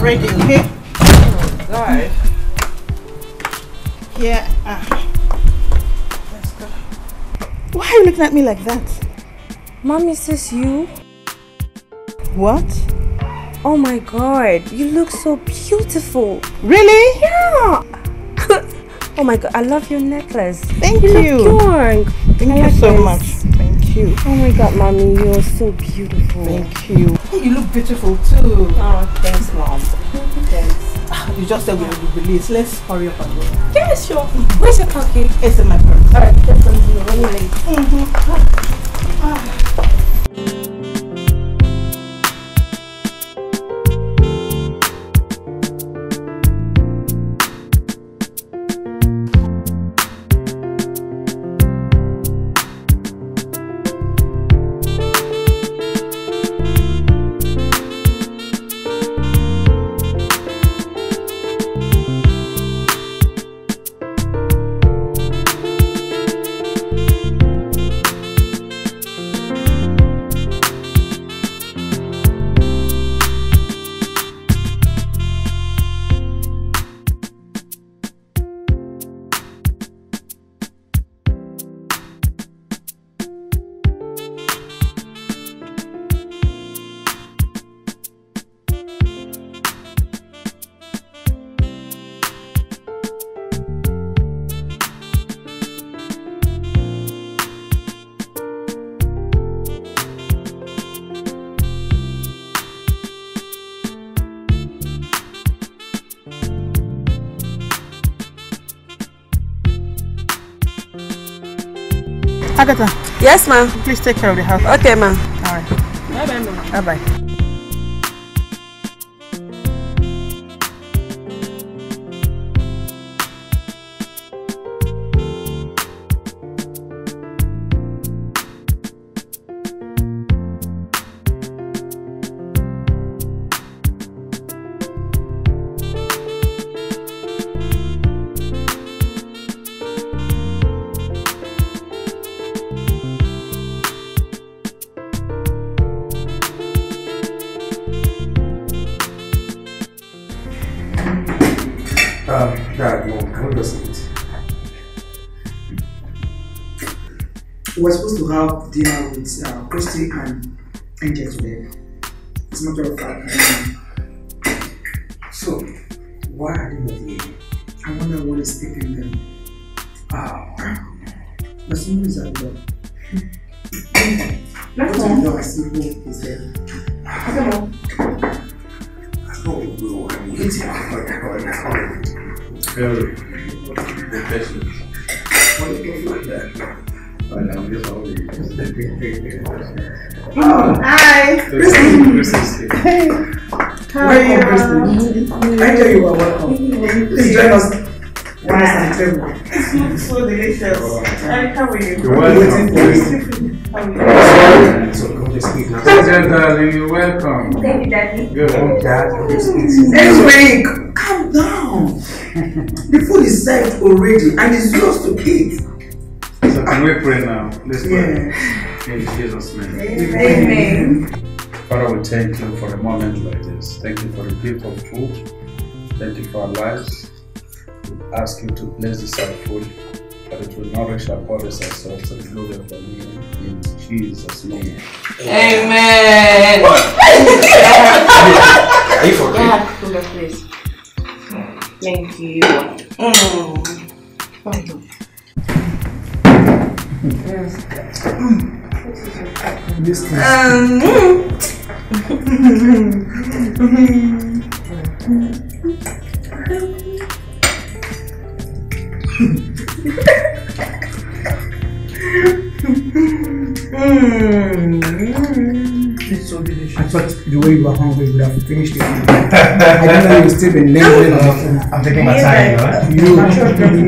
are ready, okay? Oh God. Yeah. Ah. Let's go. Why are you looking at me like that? Mommy says you. What? Oh my god, you look so beautiful. Really? Yeah. oh my god, I love your necklace. Thank you. you. Thank you so much. Thank you. Oh my god, mommy, you're so beautiful. Thank you. You look beautiful too. Oh, thanks, mom. Thanks. Ah, you just said we have to release. Let's hurry up and go. Yes, sure. Where's your package? It's in my purse. All right, just continue. When you're late. Mm-hmm. Agatha. Yes, ma'am. Please take care of the house. Okay, ma'am. All right. Bye-bye, ma'am. Bye-bye. with uh, Christy and Angel Eric, calm down. the food is served already and it's yours to eat. So can we pray now? Let's pray. Yeah. In Jesus' name. Amen. Amen. Father, we thank you for a moment like this. Thank you for the gift of food. Thank you for our lives. We ask you to bless this our food that it will nourish our bodies and souls and glory for you. Amen. Jesus' name. Amen. Amen. Are you for Thank you. Mm. Mm. It's so delicious. I thought the way you were hungry, would have finished it. I didn't know you still been lingering. I'm taking my time, You.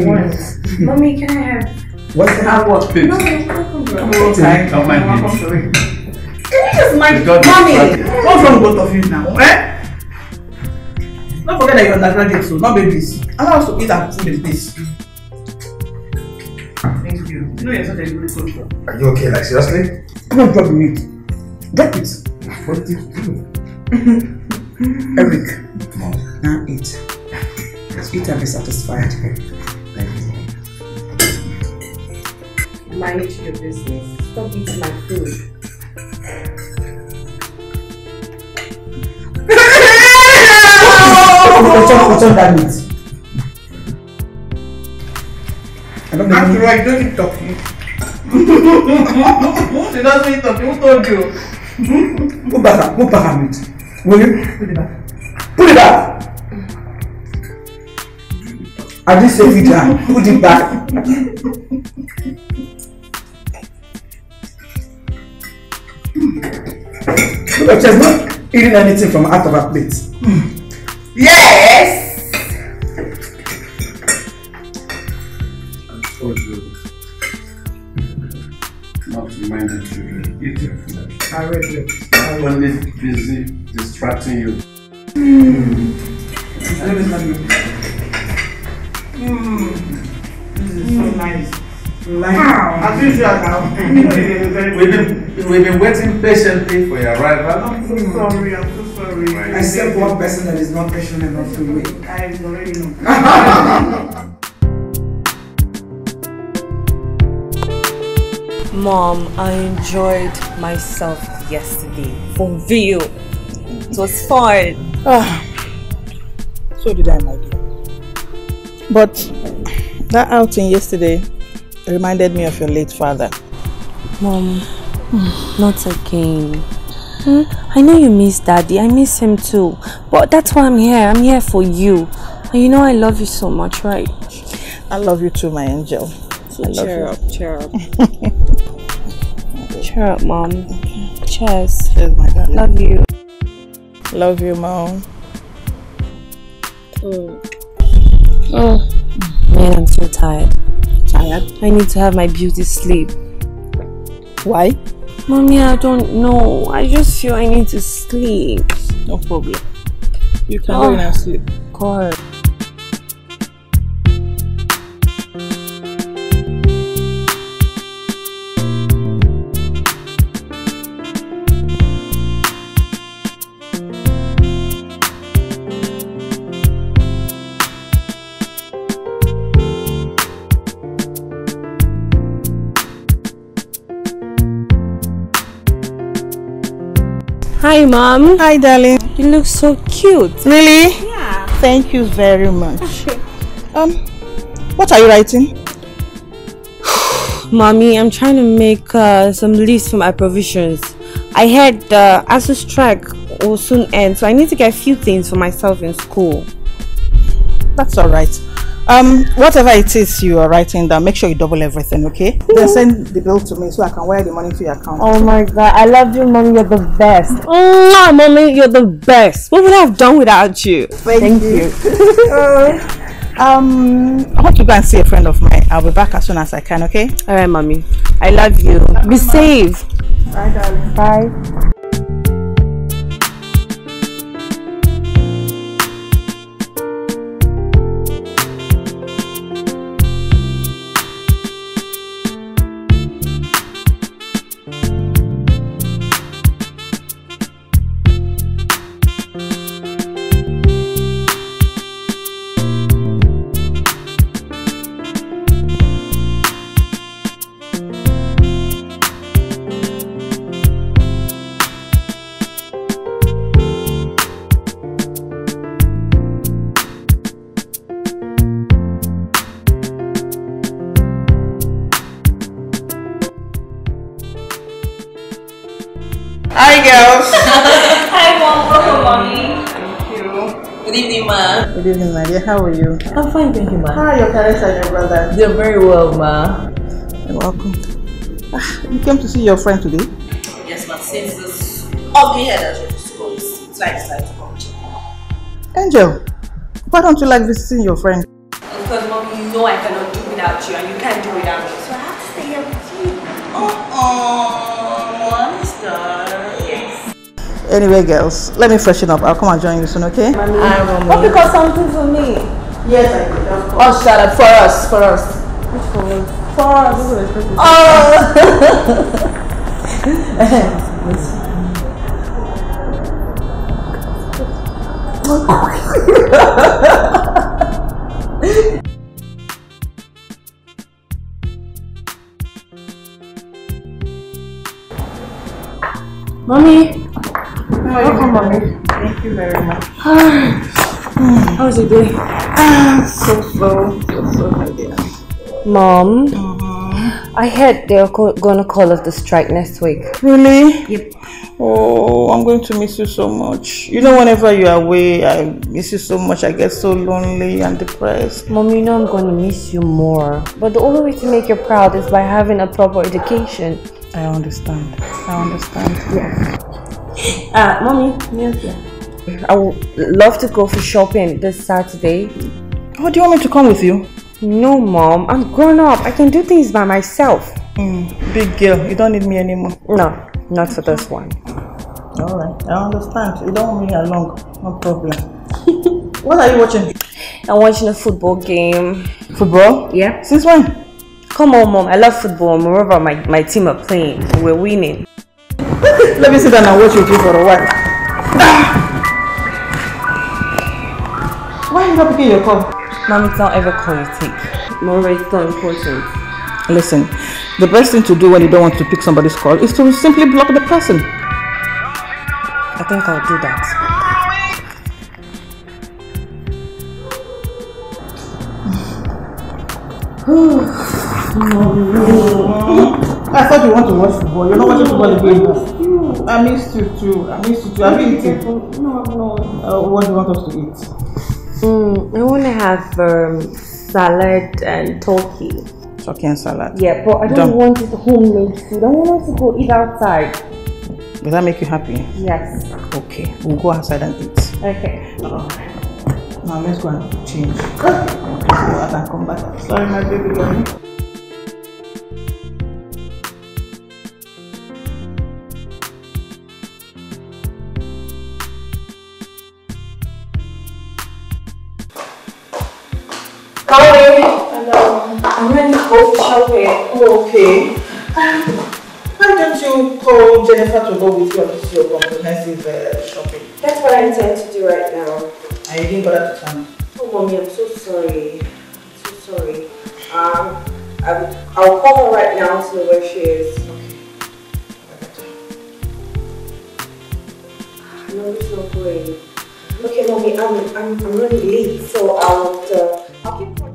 want. Mommy, can I have? What's that? I want. No, I'm not time. on, not Come on, Can you just mind mommy? What's wrong with both of you now? Eh? Don't forget that you're undergraduate, so not babies. I'm also supposed to eat and food is this know you're such a good Are you okay? Like seriously? Come on, drop the meat. Drop it. What do you do? Eric. Mom. Now eat. eat and be satisfied. Thank you. Manage your business. Stop eating my food. What's up, what's up that meat? I don't know. After I don't need talking. she doesn't need talking. Who told you? Go back up. Go back up, mate. Will you? Put it back. Put it back! I just said it Put it back. Look, she's not eating anything from out of her plate. Yes! I regret. only busy distracting you. Mm. I Mm. This is mm. so nice. wow. as usual we've, been, we've been waiting patiently for your arrival. I'm so mm. sorry, I'm so sorry. I Except one person that is not patient enough to wait. I already know. Mom, I enjoyed myself yesterday. For real. It was fun. Ah, so did I, my dear. But that outing yesterday reminded me of your late father. Mom, hmm. not again. Hmm? I know you miss daddy. I miss him too. But that's why I'm here. I'm here for you. And you know I love you so much, right? I love you too, my angel. So I love cheer you. up, cheer up. Cheer up, mom. Cheers. Cheers, my darling. Love you. Love you, mom. Mm. Oh, man, I'm so tired. Tired? I need to have my beauty sleep. Why? Mommy, I don't know. I just feel I need to sleep. No problem. You can oh. go in and sleep. God. Hi, mom. Hi, darling. You look so cute. Really? Yeah. Thank you very much. um, what are you writing? Mommy, I'm trying to make uh, some lists for my provisions. I heard the ASU strike will soon end, so I need to get a few things for myself in school. That's alright. Um, whatever it is you are writing down, make sure you double everything, okay? then send the bill to me so I can wire the money to your account. Oh my god, I love you, mommy. You're the best. Mwah, mommy, you're the best. What would I have done without you? Thank, Thank you. you. Uh, um, I want to go and see a friend of mine. I'll be back as soon as I can, okay? All right, mommy. I love you. Be safe. Bye, darling. Bye. how are you? I'm fine, thank you, ma. How are your parents and your brother? They're very well, ma. You're welcome. Ah, you came to see your friend today? Yes, ma. Since this ugly head has reached school, it's like decided to come check Angel, why don't you like visiting your friend? Because, mom, you know I cannot do without you, and you Anyway, girls, let me freshen up. I'll come and join you soon, okay? Mommy, oh, because something for me. Yes, I did. Oh, shut up. For us, for us. for us? For us. Oh. Mommy. Welcome, Mommy. Thank you very much. How was your day? so slow, so my dear. Mom, mm -hmm. I heard they're gonna call us the strike next week. Really? Yep. Oh, I'm going to miss you so much. You know, whenever you're away, I miss you so much. I get so lonely and depressed. Mom, you know I'm going to miss you more. But the only way to make you proud is by having a proper education. I understand. I understand. Yes. uh, mommy, milk yeah. I would love to go for shopping this Saturday. Oh, do you want me to come with you? No, mom. I'm grown up. I can do things by myself. Mm, big girl, you don't need me anymore. No, not for this one. All right, I understand. You don't want me along. No problem. what are you watching? I'm watching a football game. Football? Yeah. Since when? Come on, mom. I love football. Moreover, my, my team are playing. We're winning. Let me sit down and watch you you for a while. Why are you not picking your call? Mommy, don't ever call you thick. Maura, it's not important. Listen, the best thing to do when you don't want to pick somebody's call is to simply block the person. I think I'll do that. I thought you want to watch football. You're not watching football again. I missed you too. I missed you too. Have you eaten? No, no. Uh, what do you want us to eat? Mm, I want to have um, salad and turkey. Turkey and salad. Yeah, but I don't, don't. want it homemade food. I want us to go eat outside. Will that make you happy? Yes. Okay, we'll go outside and eat. Okay. Now let's go and change. Okay. come back. Sorry, my baby. Girl. Hello. I went off shopping. Oh, okay. Um, why don't you call Jennifer to go with you to your comprehensive uh, shopping? That's what I intend to do right now. I didn't bother to come. Oh, mommy, I'm so sorry. I'm so sorry. Um, I, I'll call her right now to know where she is. Okay. No, it's not going. Okay, mommy, I'm, I'm, I'm running late, so I'll. Uh, Okay.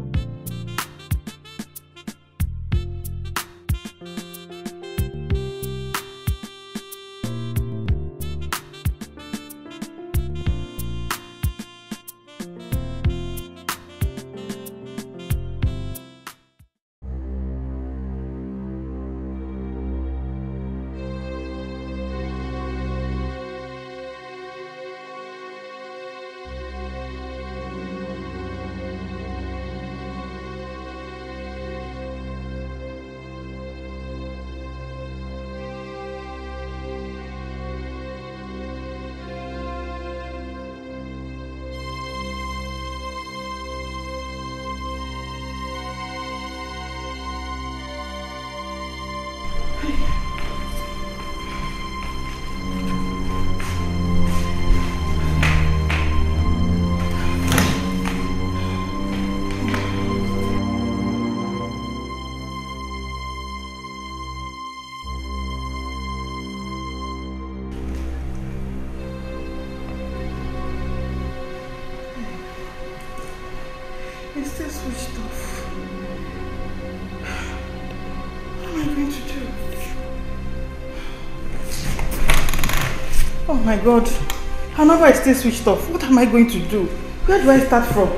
Oh my God. How Another is still switched off. What am I going to do? Where do I start from?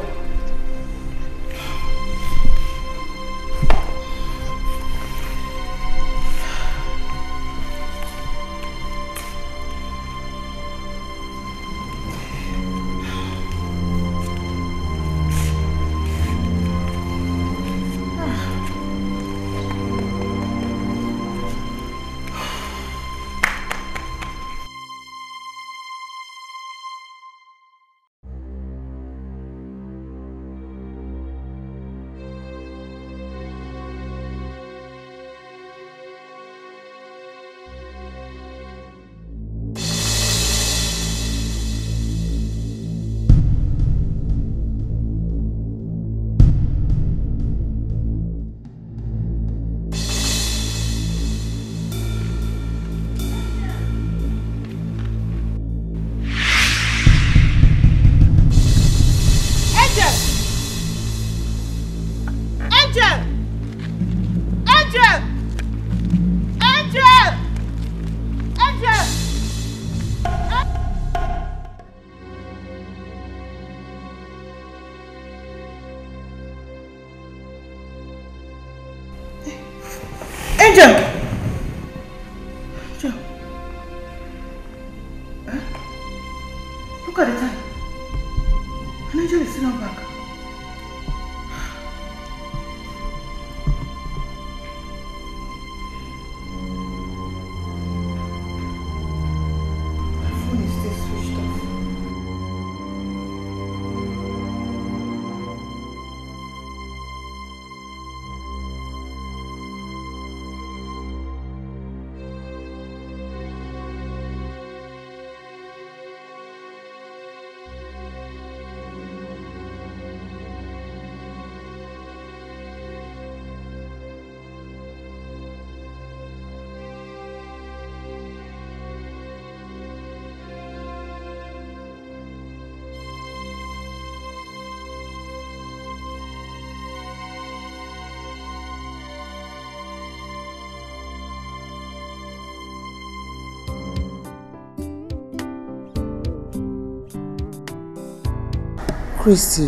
Christy,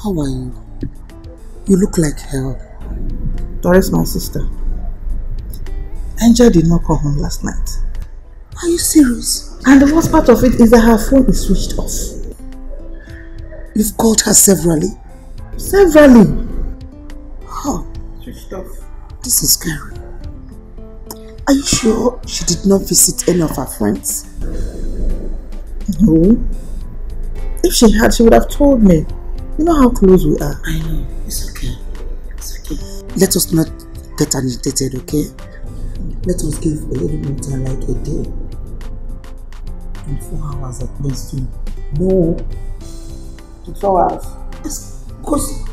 how are you? You look like hell. Doris, my sister. Angel did not come home last night. Are you serious? And the worst part of it is that her phone is switched off. You've called her severally? Severally? Oh, Huh. Switched off. This is scary. Are you sure she did not visit any of her friends? No. If she had, she would have told me. You know how close we are. I know. It's okay. It's okay. Let us not get agitated, okay? Let us give a little more time, like a day. And four hours at least to know. To four hours. Yes, because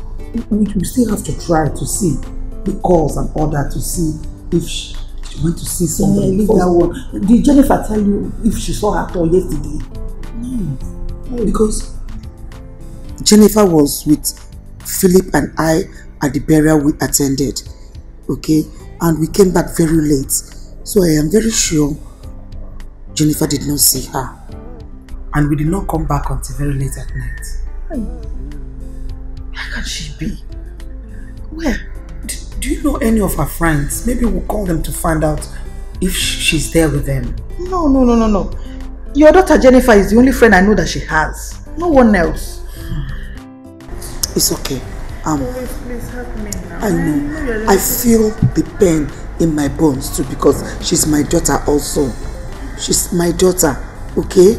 we, we still have to try to see the calls and all that to see if she, she went to see somebody. Yeah, leave that one. Did Jennifer tell you if she saw her call yesterday? no. Because Jennifer was with Philip and I at the burial we attended. Okay, and we came back very late. So I am very sure Jennifer did not see her. And we did not come back until very late at night. Where can she be? Where? Do, do you know any of her friends? Maybe we'll call them to find out if she's there with them. No, no, no, no, no. Your daughter Jennifer is the only friend I know that she has. No one else. It's okay. Um, please, please help me now. I know. I feel the pain in my bones too because she's my daughter also. She's my daughter, okay?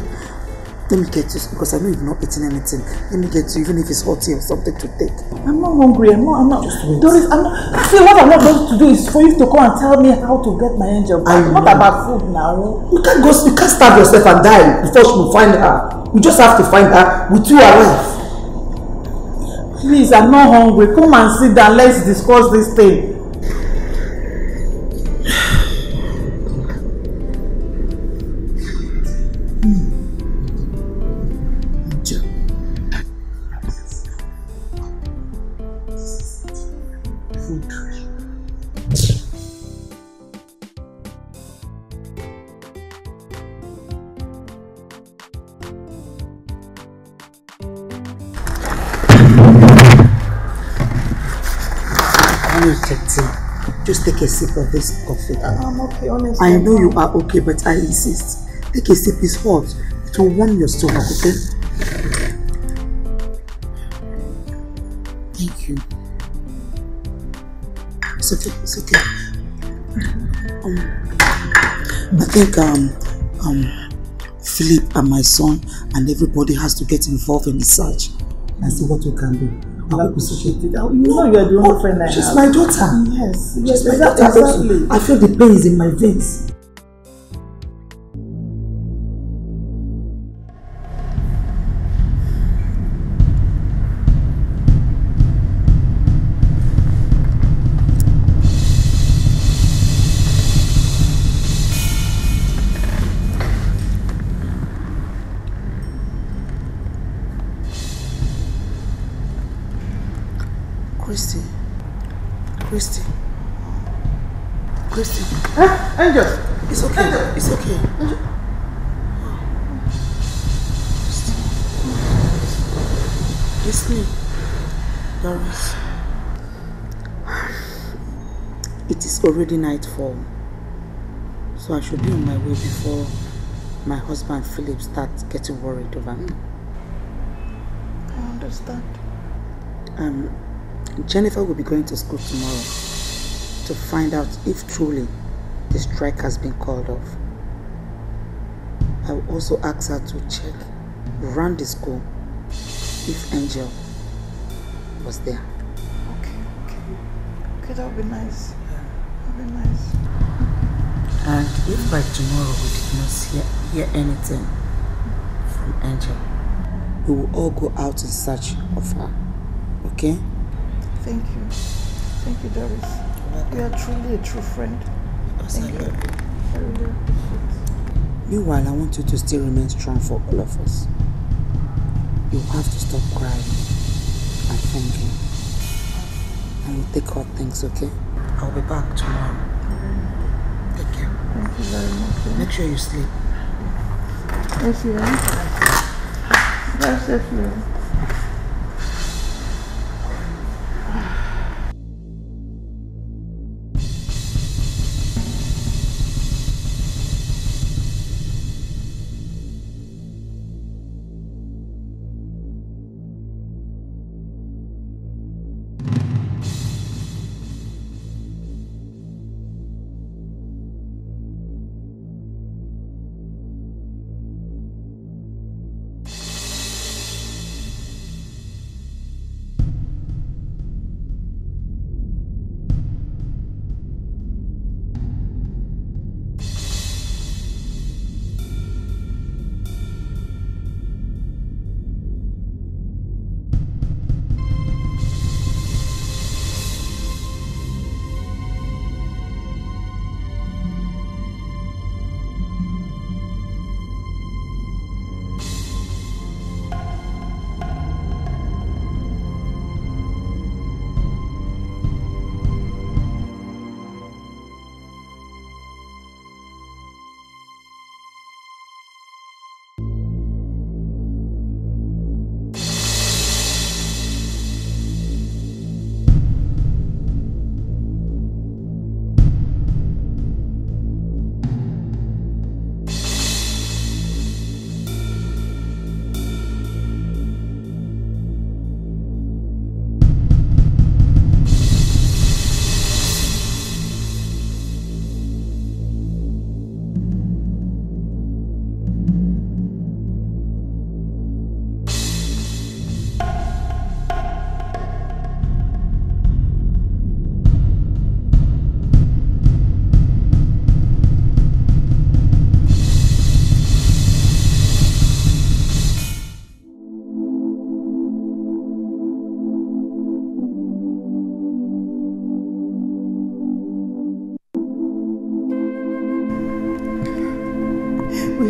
Let me get you, because I know you've not eaten anything. Let me get you, even if it's hot tea or something to take. I'm not hungry. I'm not. I'm not. Just wait. Doris, I'm not. See, what I'm not going to do is for you to come and tell me how to get my angel back. I not about food now. You can't go. You can't starve yourself and die before you find her. You just have to find her with you alive please i'm not hungry come and sit down let's discuss this thing I'm okay, honestly. I know you are okay, but I insist. Take a sip, it's hot. It will warm your stomach, okay? Thank you. It's okay, it's okay. Um, I think um, um, Philip and my son and everybody has to get involved in the search and see what we can do. I will be so shifted. You know you are the only oh, friend I have. She's my daughter. Yes. yes, Exactly. I feel the pain is in my veins. it is already nightfall so i should be on my way before my husband philip starts getting worried over me i understand um jennifer will be going to school tomorrow to find out if truly the strike has been called off i will also ask her to check around the school if angel was there okay okay okay that would be nice and if by tomorrow we did not hear, hear anything from Angel, we will all go out in search of her. Okay? Thank you. Thank you, Doris. You are truly a true friend. Thank you. Meanwhile, I want you to still remain strong for all of us. You have to stop crying and thinking. And you take all things, okay? I'll be back tomorrow. Thank you. Thank you very much. Sir. Make sure you sleep. Yes, you are. That's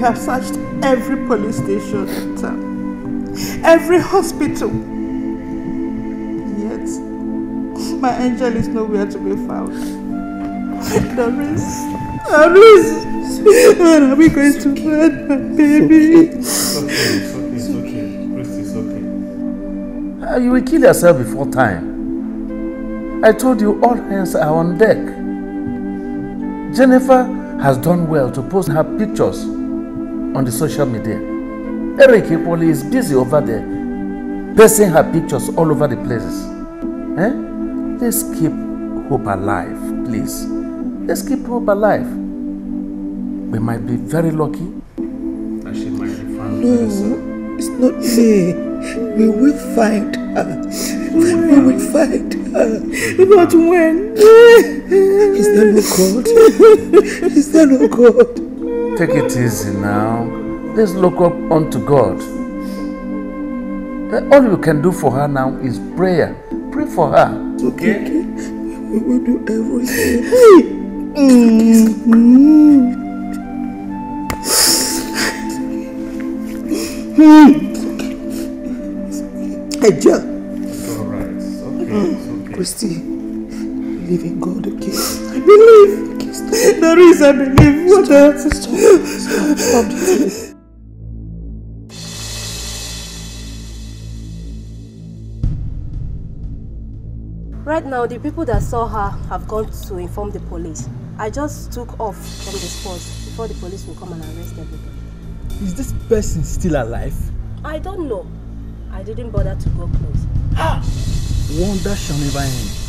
have searched every police station in town, every hospital. Yet, my angel is nowhere to be found. Doris, Doris, where are we going to find my baby? It's okay, it's okay, it's okay. Grace, it's okay. Ah, you will kill yourself before time. I told you all hands are on deck. Jennifer has done well to post her pictures on the social media. Eric Ipoli is busy over there, posting her pictures all over the places. Eh? Let's keep hope alive, please. Let's keep hope alive. We might be very lucky. That she might be found. No, it's not me. We will find her. We will find her. Not when. Is there no God? Is there no God? Take it easy now. Let's look up unto God. Uh, all we can do for her now is prayer. Pray for her. Okay? okay. We will do everything. mm -hmm. Eja. It's alright. okay. It's Christy, believe in God, okay? I believe. There is, I believe. What else? Stop, stop, stop. Right now, the people that saw her have gone to inform the police. I just took off from the spot before the police will come and arrest everybody. Is this person still alive? I don't know. I didn't bother to go close. Ah! Wonder shall never end.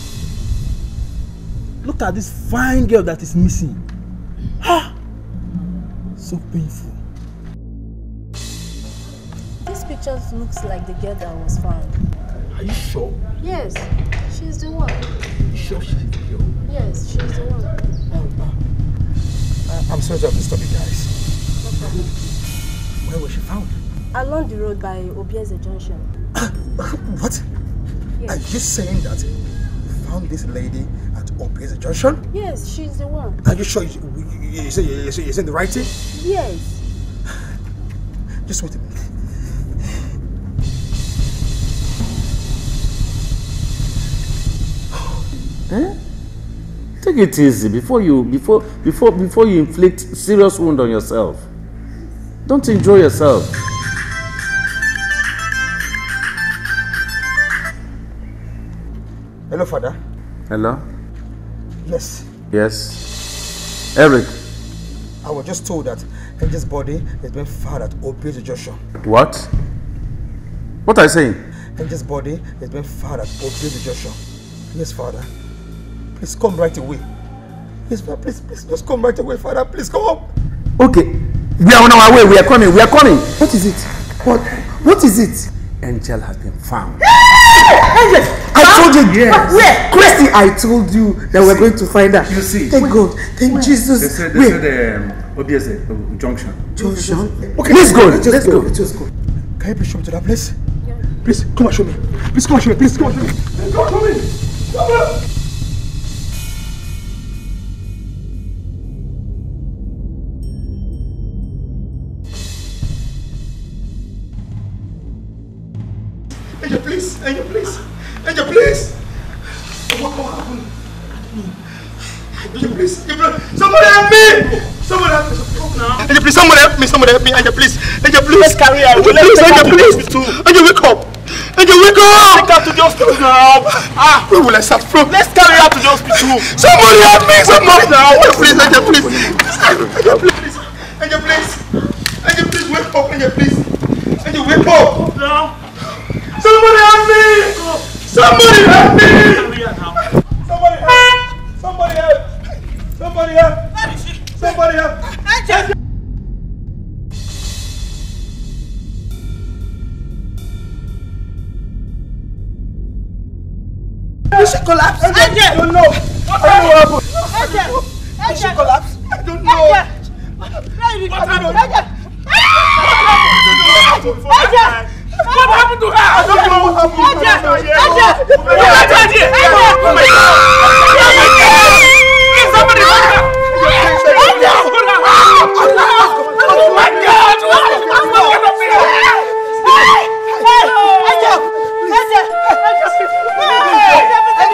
Look at this fine girl that is missing. Ah! So painful. This picture looks like the girl that was found. Are you sure? Yes, she's the one. You sure she's the girl? Yes, she's the one. Um, uh, I'm sorry to have disturbed you guys. No Where was she found? Along the road by Obieze Junction. what? Yes. Are you saying that you found this lady at on Pizza Junction? Yes, she's the one. Are you sure you, you, you, say, you, say, you say the right thing? Yes. Just wait a minute. Eh? Take it easy before you before before before you inflict serious wound on yourself. Don't enjoy yourself. Hello, father. Hello. Yes. Yes. Eric. I was just told that Angel's body has been found at Obe's Joshua. What? What are you saying? Angel's body has been found at Obe's Joshua. Yes, Father, please come right away. Yes, Father, please, please, just come right away, Father. Please come up. Okay. We are on our way. We are coming. We are coming. What is it? What? What is it? Angel has been found. I told you yes. Where? Christy, I told you that you we're see, going to find her. You see. Thank God. Thank Where? Jesus. They said, they said um, obviously uh, junction. Junction. Okay, let's go. Let's, let's go. go. Let's just go. Can you please show me to that place? Yeah. Please come and show me. Please come and show me. Please come and show me. Please come and show me. Come on. God help me. Angel, please. Angel, please. Let's carry her. Angel, please. Angel, please. Angel, wake up. Angel, wake up. Take her to the hospital now. Ah. Where will I start from? Let's carry her to the hospital. Somebody help me. Somebody now. Angel, please. Angel, please. Angel, please. Angel, please. Angel, please wake up. Angel, please. Angel, wake up. Now. Somebody help me. Somebody help me. Somebody help. Somebody help. Somebody help. Somebody help. Angel. just collapsed. I I don't know. What happened? I don't know. She collapse? I don't know. What happened? What happened? What happened? What happened to her? I don't know what happened. What happened? What happened? Oh my God! Oh, oh my God! somebody hurt her? Oh my God! What's going on here? Hey! Hey! Hey! Hey! Hey! Hey!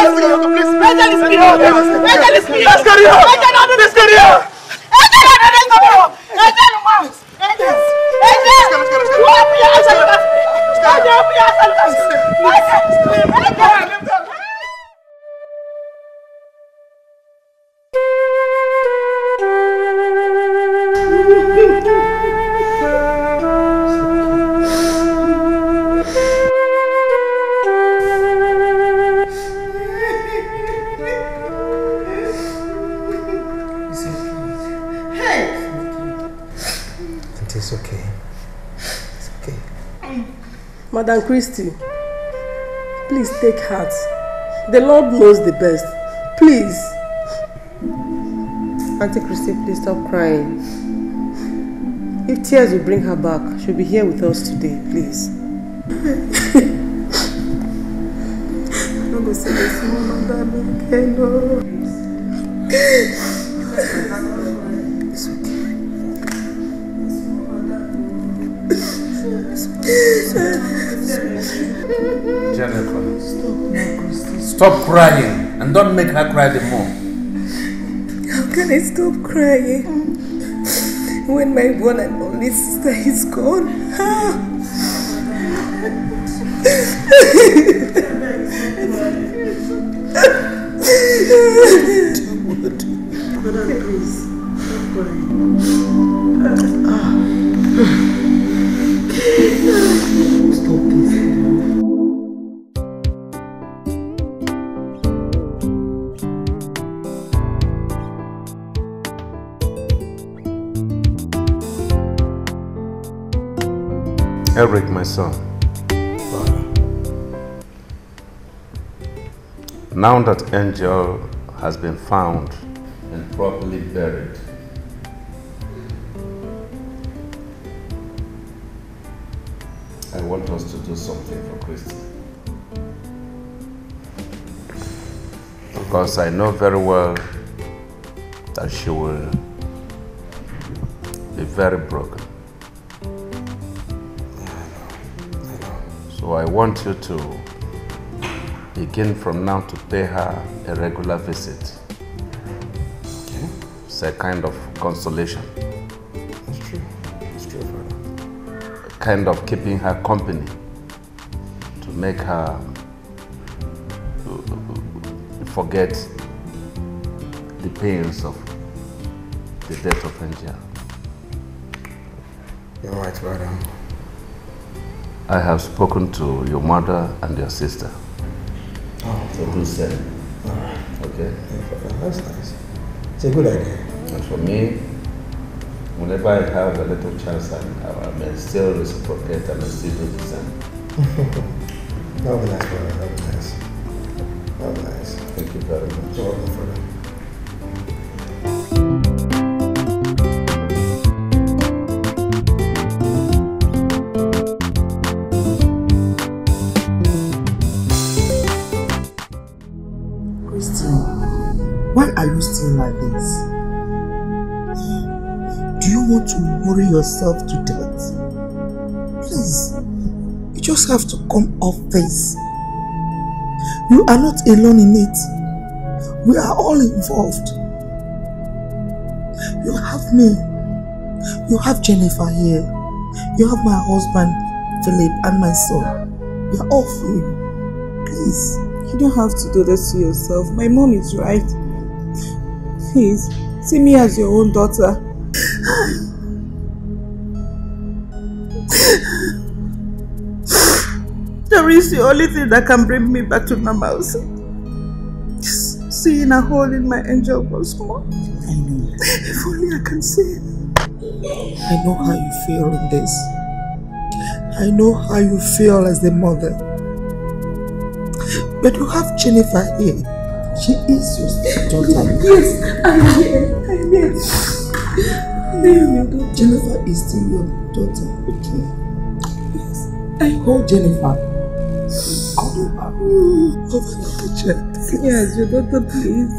Let's carry on. Let's carry on. Let's carry on. Let's carry on. Let's carry on. Let's carry on. Okay. Madam Christie, please take heart. The Lord knows the best. Please. Auntie Christie, please stop crying. If tears will bring her back, she'll be here with us today, please. I'm going to say this, Mama, darling, Jennifer. Stop crying and don't make her cry the more. How can I stop crying when my one and only sister is gone? please, stop crying. son. Now that Angel has been found and properly buried, I want us to do something for Christy. Because I know very well that she will be very broken. So I want you to begin from now to pay her a regular visit. Okay? It's a kind of consolation. It's true. It's true, Father. A kind of keeping her company to make her uh, forget the pains of the death of Angel. You're right, brother. I have spoken to your mother and your sister. Oh, so do same. Okay. That's nice. It's a good idea. And for me, whenever I have a little chance, I, I may still reciprocate and still do the same. that would be nice, brother. That would be nice. That would be nice. Thank you very much. You're welcome, brother. worry yourself to death. Please, you just have to come off this. You are not alone in it. We are all involved. You have me. You have Jennifer here. You have my husband, Philip, and my son. We are all for you. Please. You don't have to do this to yourself. My mom is right. Please, see me as your own daughter. the only thing that can bring me back to normalcy. seeing a hole in my angel once more. I know. If only I can see I know how you feel in this. I know how you feel as the mother. But you have Jennifer here. She is your daughter. Yes, I am here. I am here. Jennifer is still your daughter, okay? Yes. I call Jennifer. Oh, my God. with your Yes, your daughter, please.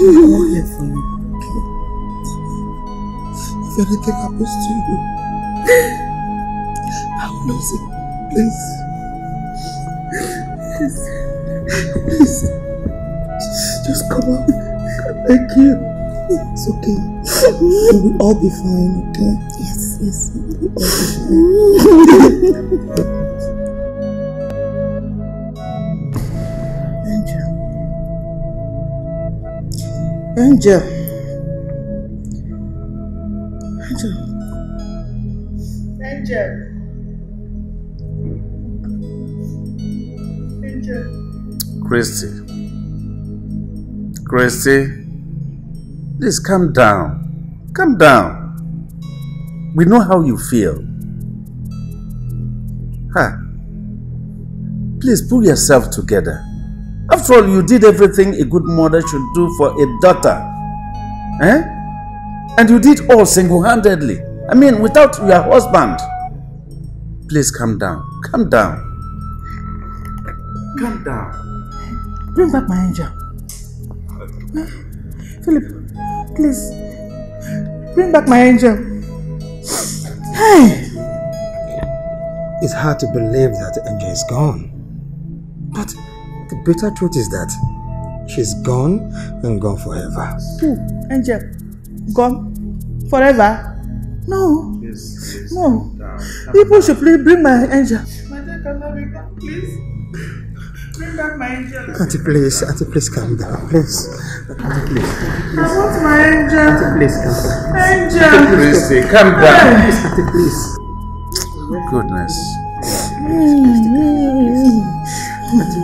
I'm here for you. If anything happens to you, I will lose it. please. Please. Please. Just come out. Thank you. It's okay. We will all be fine, okay? Yes, yes. We will all be fine. Angel. Angel. Angel. Christy. Christy. Please calm down. Calm down. We know how you feel. Ha. Huh. Please pull yourself together. After all, you did everything a good mother should do for a daughter. Eh? And you did all single handedly. I mean, without your husband. Please calm down. Calm down. Calm down. Bring back my angel. Philip, please. Bring back my angel. Hey! It's hard to believe that the angel is gone. But the bitter truth is that she's gone and gone forever. Who? Angel? Gone? Forever? No. Yes, yes. No. Down, People should please bring my angel. My dad cannot be back, please. Bring back my angel. Auntie, please. Auntie, please calm down. Please. Auntie, please. please. I want my angel. Auntie, please calm down. Angel. Auntie, please, say, calm down. Please, Auntie, please. Goodness. Auntie, please, please, please. Auntie,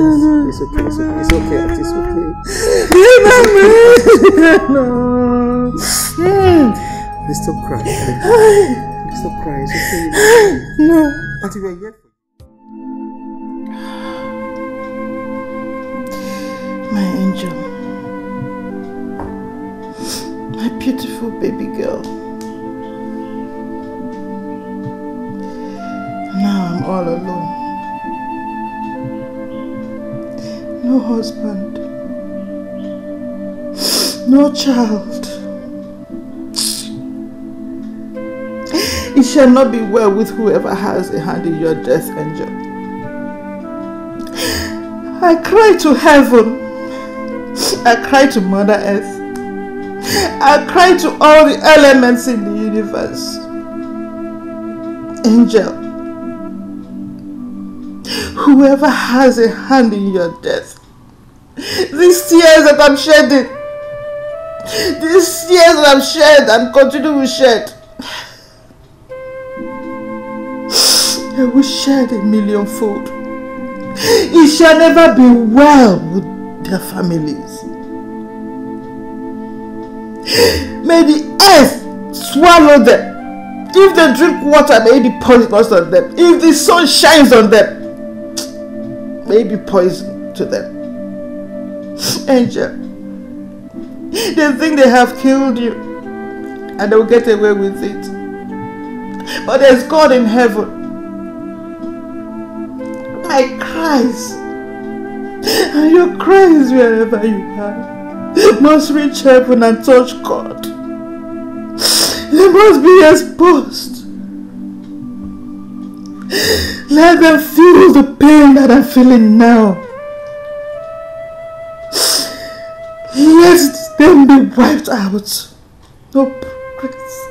no, it's, okay, it's okay, it's okay, it's okay. no. Please stop crying. Please stop crying. It's okay. No. But you are here for My angel. My beautiful baby girl. Now I'm all alone. no husband, no child. It shall not be well with whoever has a hand in your death angel. I cry to heaven. I cry to Mother Earth. I cry to all the elements in the universe. Angel, whoever has a hand in your death, these tears that I'm shedding, these tears that I'm shed and continue to shed, I will shed a million millionfold. It shall never be well with their families. May the earth swallow them. If they drink water, may it be poisonous on them. If the sun shines on them, may it be poison to them. angel. They think they have killed you and they'll get away with it. But there's God in heaven. My cries and your cries wherever you are must reach heaven and touch God. They must be exposed. Let them feel the pain that I'm feeling now. Let them be wiped out. No progress.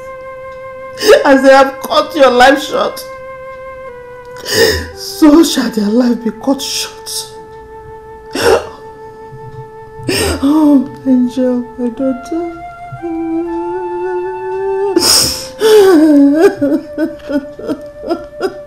As they have cut your life short, so shall their life be cut short. Oh, angel, my daughter. Ha ha ha ha ha.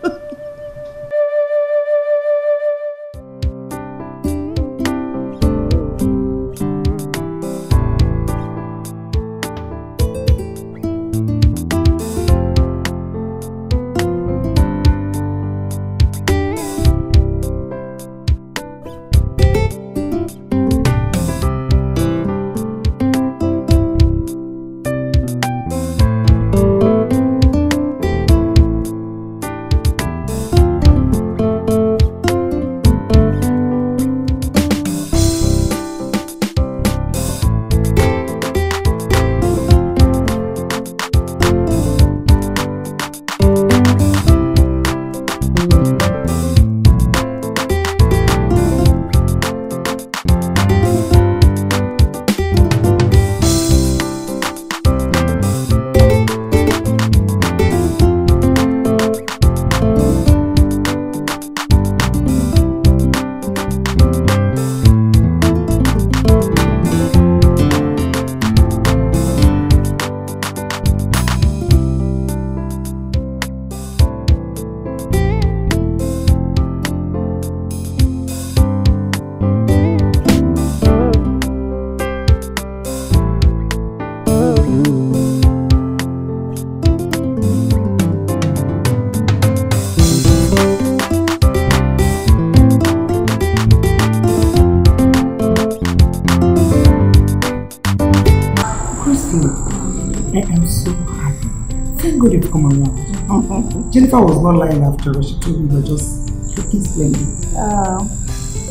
Jennifer was not lying after all. She told me we just looking splendid. Uh,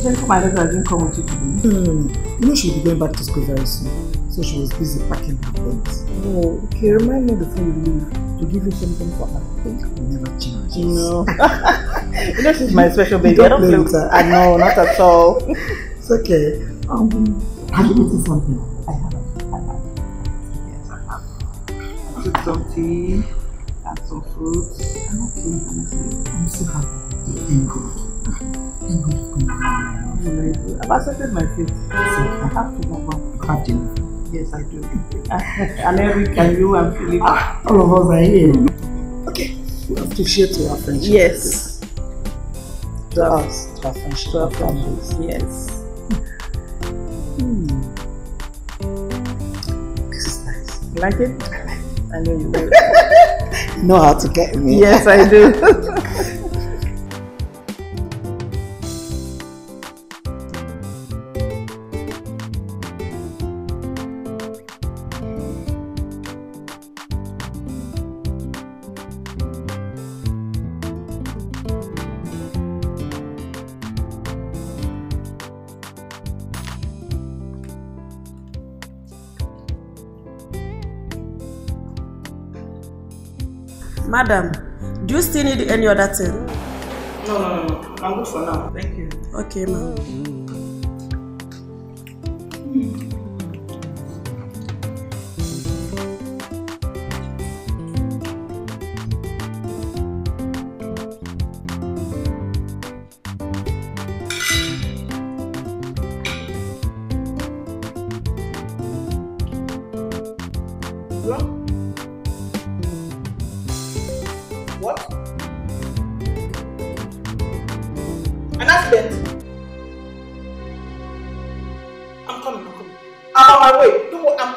Jennifer, my daughter, didn't come with you today. Mm, you know she'll be going back to school very soon. So she was busy packing her things. Oh, okay. Remind me before you leave to give you something for her. I will never change. No. you know she's my special baby. Don't play with her. I know, not at all. it's okay. Um, have you eaten something? my faith. So I have to move on. Have Jennifer. Yes, I do. and Eric and you and Philip. Ah, all of us are here. Okay. We have to share to our friendship. Yes. To us. To our friendship. To our families. Yes. Hmm. This is nice. You like it? I like it. I know you will. you know how to get me. Yes, I do. any other thing? No, no, no, no. I'm good for now. Thank you. Okay, ma'am.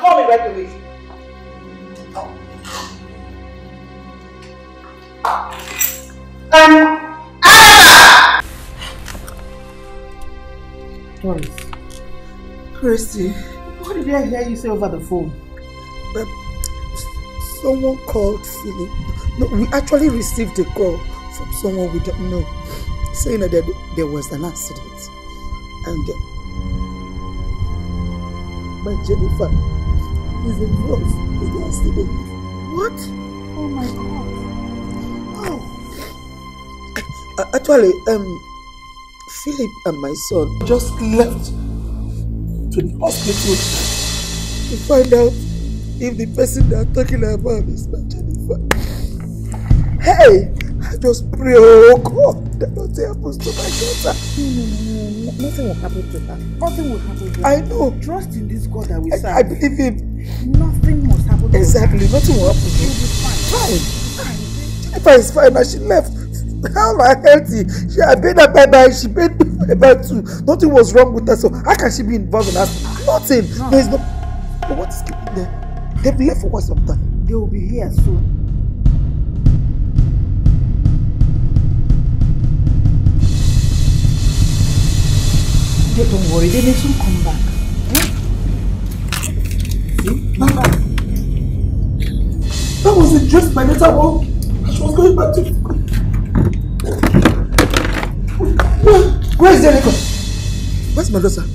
Call me right away. Um, ah! Doris. Christy. What did I hear you say over the phone? Um, someone called Philip. No, we actually received a call from someone we don't know saying that there, there was an accident. And uh, my Jennifer is the voice they are What? Oh my god. Oh. actually, um, Philip and my son just left to the hospital to find out if the person they are talking about is my Jennifer. Hey! I just pray, oh God, that nothing happens to my daughter. No, no, no, no, nothing will happen to her. Nothing will happen to her. I know. Trust in this God that we serve. I believe him. Exactly, nothing will happen to you. fine. Fine. Jennifer is fine and she left. How am I healthy? She had paid her bye bye, she paid bye bye too. Nothing was wrong with her, so how can she be involved in that? Nothing. No. There is no. But what is keeping them? They've here for quite some time. They will be here soon. don't worry, they may soon come back. Hmm? See? Come back. That was the dress my daughter wore. She was going back to. Where, where is Erica? Where's my daughter?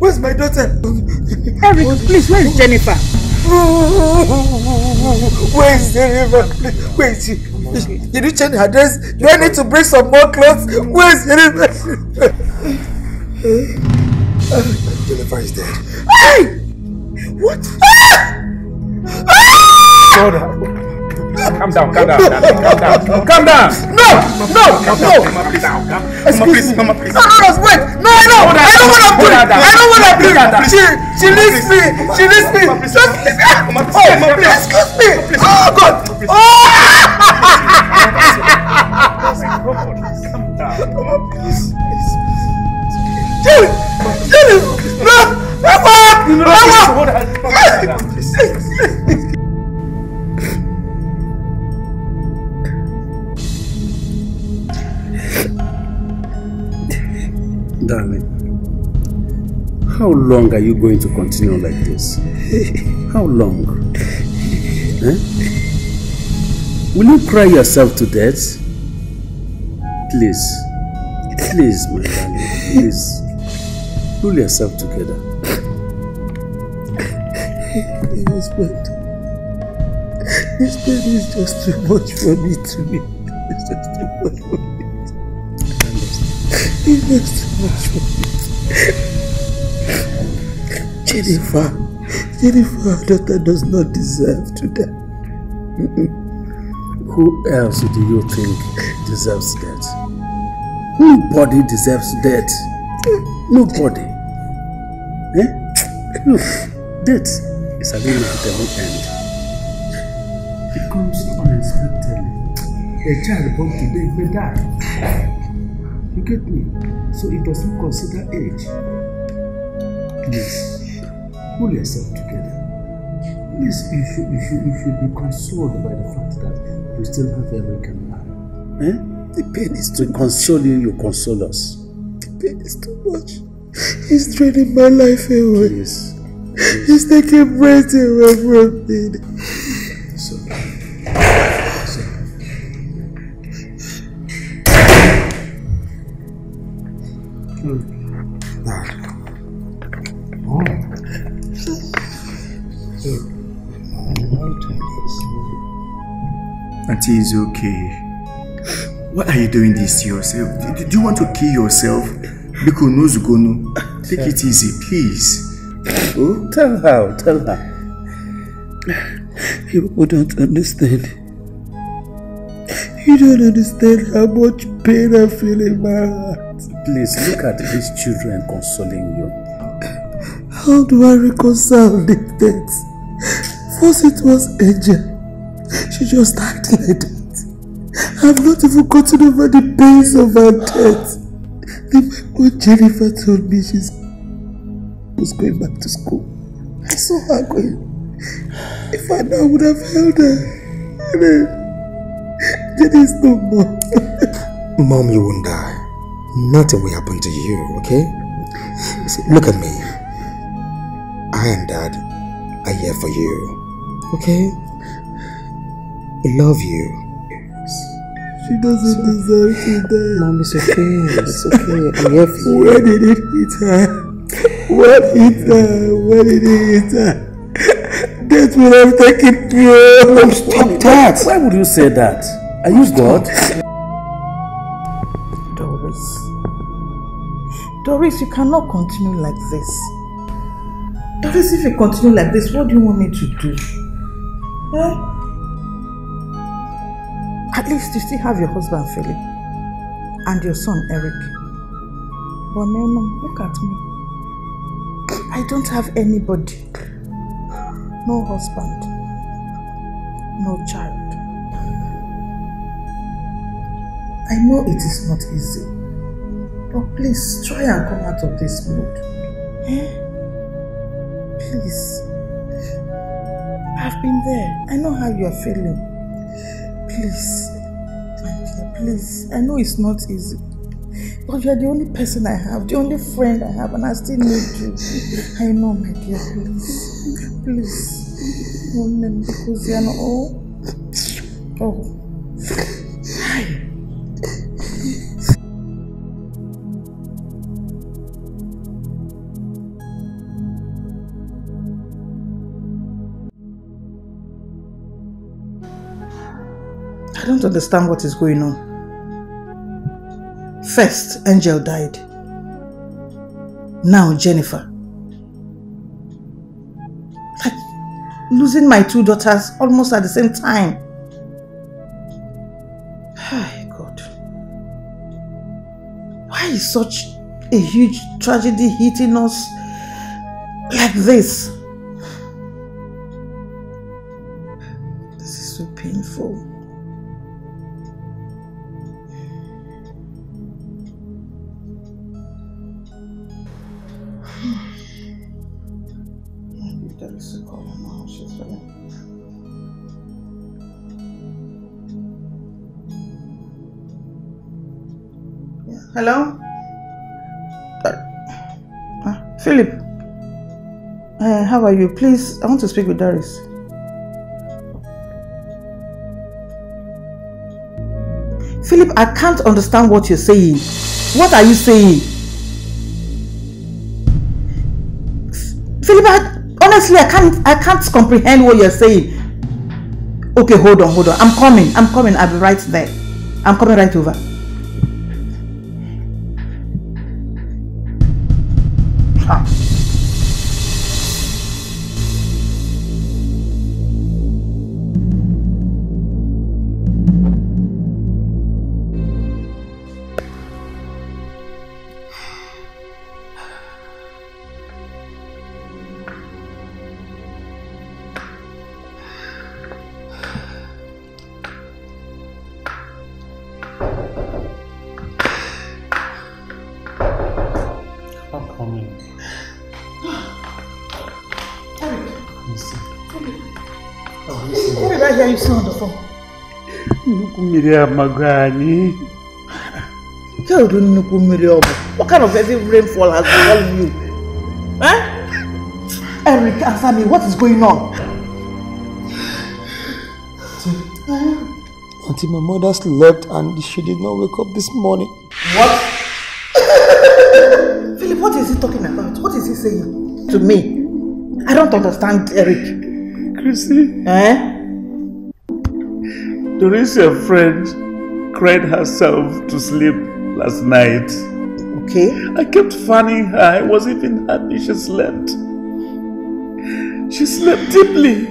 Where's my daughter? Eric, please, where is Jennifer? Where is Jennifer? Please, where is she? Okay. Did you change her dress? Do I need to bring some more clothes? Where is Jennifer? Jennifer is dead. Hey! What? Ah! Ah! brother. Calm down, calm down, calm down, calm down. No, no, no. Mama, please, mama, please, No, no, no, wait. No, I know. I don't want to doing. I don't want to doing. She, she leaves me. She leaves me. Just leave me. Oh, excuse me. Oh God. Oh. Calm down. Mama, please, please, please. Jenny, Jenny, no, Mama, Mama. Please, please, please. Darling, how long are you going to continue like this? How long? eh? Will you cry yourself to death? Please, please, my darling, please, pull yourself together. This bed, this bed is just too much for me to be. It's just too much for me much Jennifer, Jennifer, our daughter does not deserve to die. Who else do you think deserves death? Nobody deserves death. Nobody. Eh? Look, death is very inevitable end. It comes unexpectedly. A child born today may die. Look get me? So it doesn't consider age. Please, pull yourself together. Please, you should, you should, you should be consoled by the fact that you still have American life. Eh? The pain is to console you, you console us. The pain is too much. It's draining my life away. Please. Please. taking breath away from me. Auntie is okay. Why are you doing this to yourself? Do, you want to kill yourself? Biko knows Gono. Take it easy, please. Oh, tell her, tell her. You don't understand. You don't understand how much pain I feel in my heart. Please look at these children consoling you. How do I reconcile this death? First it was Angel, she just died like that. I've not even gotten over the pains of her death. Then my when Jennifer told me she was going back to school, I saw her going. If I know, I would have held her. Jenny, uh, Jenny is no more. Mom, you won't die. Nothing will happen to you, okay? See, look at me. I and Dad are here for you, okay? love you. She doesn't so, deserve to die. Mom, it's okay. It's okay. I'm here for you. Where did it hit her? What hit her? Where did it hit her? what will have taken you No, stop why, that. Why would you say that? Are you God? Doris. Doris, you cannot continue like this. Doris, if you continue like this, what do you want me to do? Huh? At least you still have your husband, Philip, and your son, Eric. But no, no, look at me. I don't have anybody. No husband. No child. I know it is not easy. But please, try and come out of this mood. Eh? Please. I've been there. I know how you are feeling. Please, my dear, please. I know it's not easy. But you are the only person I have, the only friend I have, and I still need you. I know, my dear, please. Please. because you are all. Oh. don't understand what is going on. First, Angel died. Now, Jennifer. Like, losing my two daughters almost at the same time. Hi, God. Why is such a huge tragedy hitting us like this? This is so painful. how are you? Please, I want to speak with Doris. Philip, I can't understand what you're saying. What are you saying? Philip, I, honestly, I can't, I can't comprehend what you're saying. Okay, hold on, hold on. I'm coming. I'm coming. I'll be right there. I'm coming right over. mmiri amago anyị child nnukwu mmiri ọ bụ what kind of heavy rainfall has befallen you eh? Eric answer me what is going on until my mother slept and she did not wake up this morning what Philip what is he talking about what is he saying to me I don't understand Eric Chrissy eh Dorisia, friend, cried herself to sleep last night. Okay. I kept fanning her. I was even happy she slept. She slept deeply.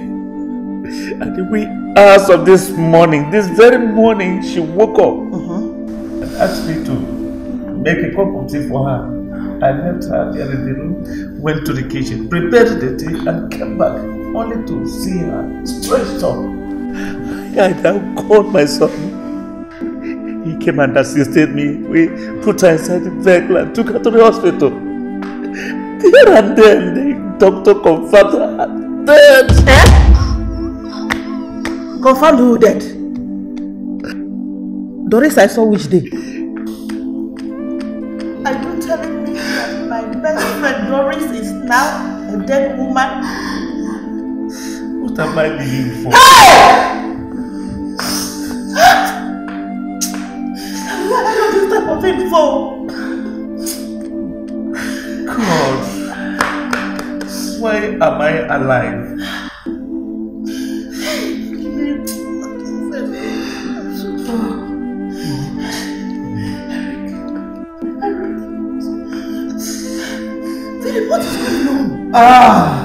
and the wee hours of this morning, this very morning, she woke up mm -hmm. and asked me to make a cup of tea for her. I left her there in the room, went to the kitchen, prepared the tea, and came back only to see her stretched up I now called my son. He came and assisted me. We put her inside the vehicle and took her to the hospital. There and then, the doctor confirmed her dead. Eh? Confirmed who dead? Doris, I saw which day? Are you telling me that my best friend Doris is now a dead woman? What am I being for? Hey! thing God, why am I alive? Ah!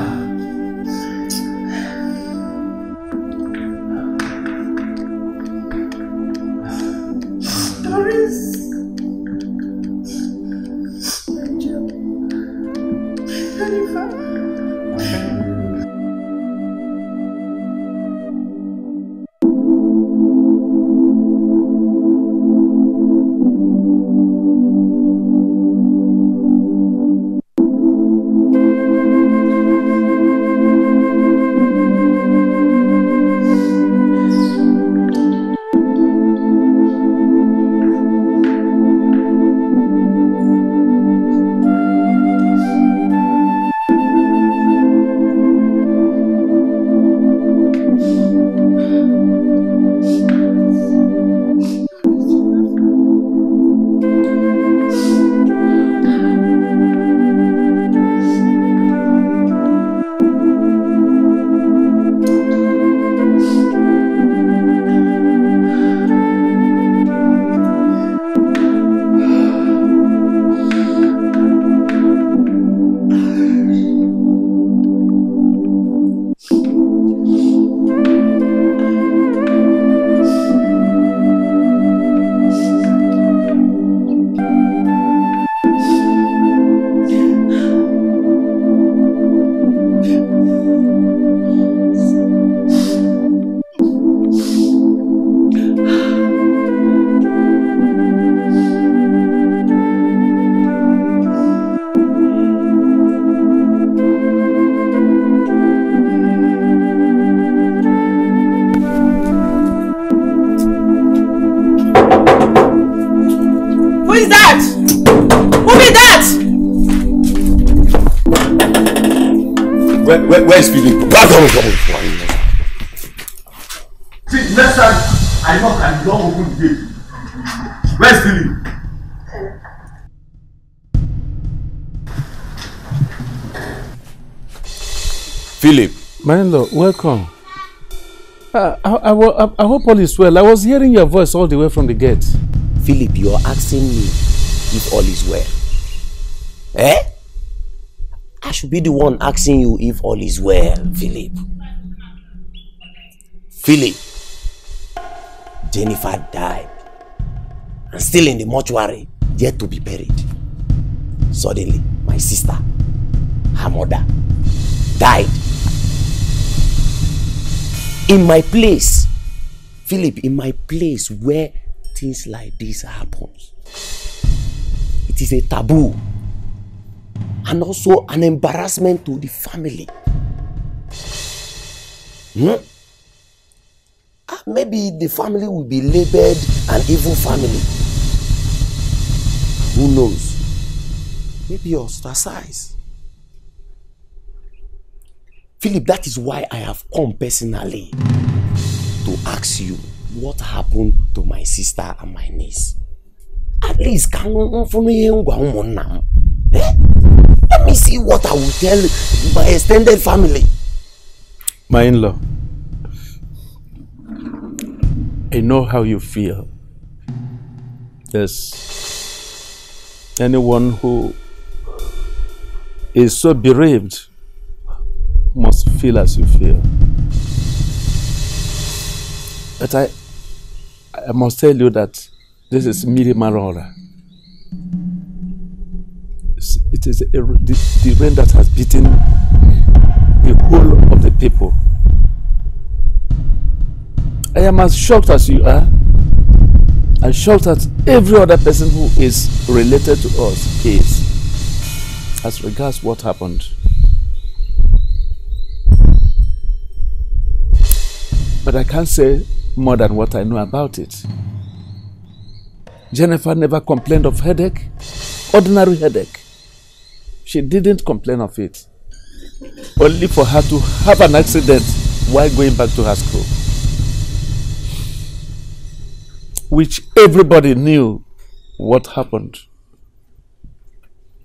Who be that? Where, where, where is Philip? Back on See, next time I knock and you don't open the gate. Where is Philip? Philip. My lord, welcome. Uh, I, I, I, I hope all is well. I was hearing your voice all the way from the gate. Philip, you are asking me if all is well? Eh? I should be the one asking you if all is well, Philip. Philip, Jennifer died and still in the mortuary, yet to be buried. Suddenly, my sister, her mother, died. In my place, Philip, in my place where things like this happen. It is a taboo and also an embarrassment to the family. Hmm? Ah, maybe the family will be labeled an evil family. Who knows? Maybe ostracized. Philip, that is why I have come personally to ask you what happened to my sister and my niece at least ka mfụnụ ihe ngwa ụmụnna m let me see what i will tell my extended family my in-law i know how you feel there's anyone who is so bereaved must feel as you feel but i i must tell you that This is Miri Marora. It is a, the, the rain that has beaten the whole of the people. I am as shocked as you are. I'm shocked as every other person who is related to us is as regards what happened. But I can't say more than what I know about it. Jennifer never complained of headache, ordinary headache. She didn't complain of it. Only for her to have an accident while going back to her school. Which everybody knew what happened.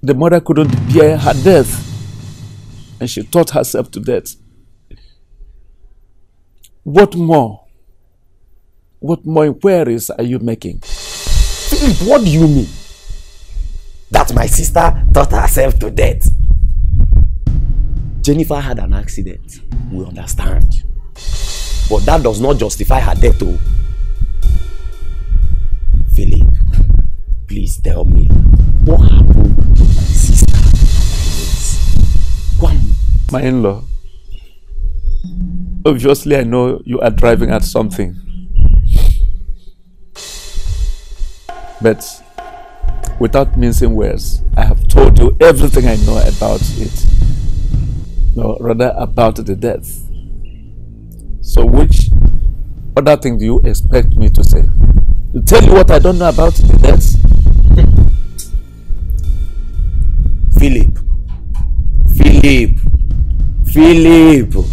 The mother couldn't bear her death and she taught herself to death. What more? What more inquiries are you making? Philip, what do you mean? That my sister taught herself to death. Jennifer had an accident. We understand. But that does not justify her death, though. Philip, please tell me what happened to my sister. Kwam. My in law. Obviously, I know you are driving at something. But without mincing words, I have told you everything I know about it, no, rather about the death. So, which other thing do you expect me to say? To tell you what I don't know about the death? Philip. Philip. Philip.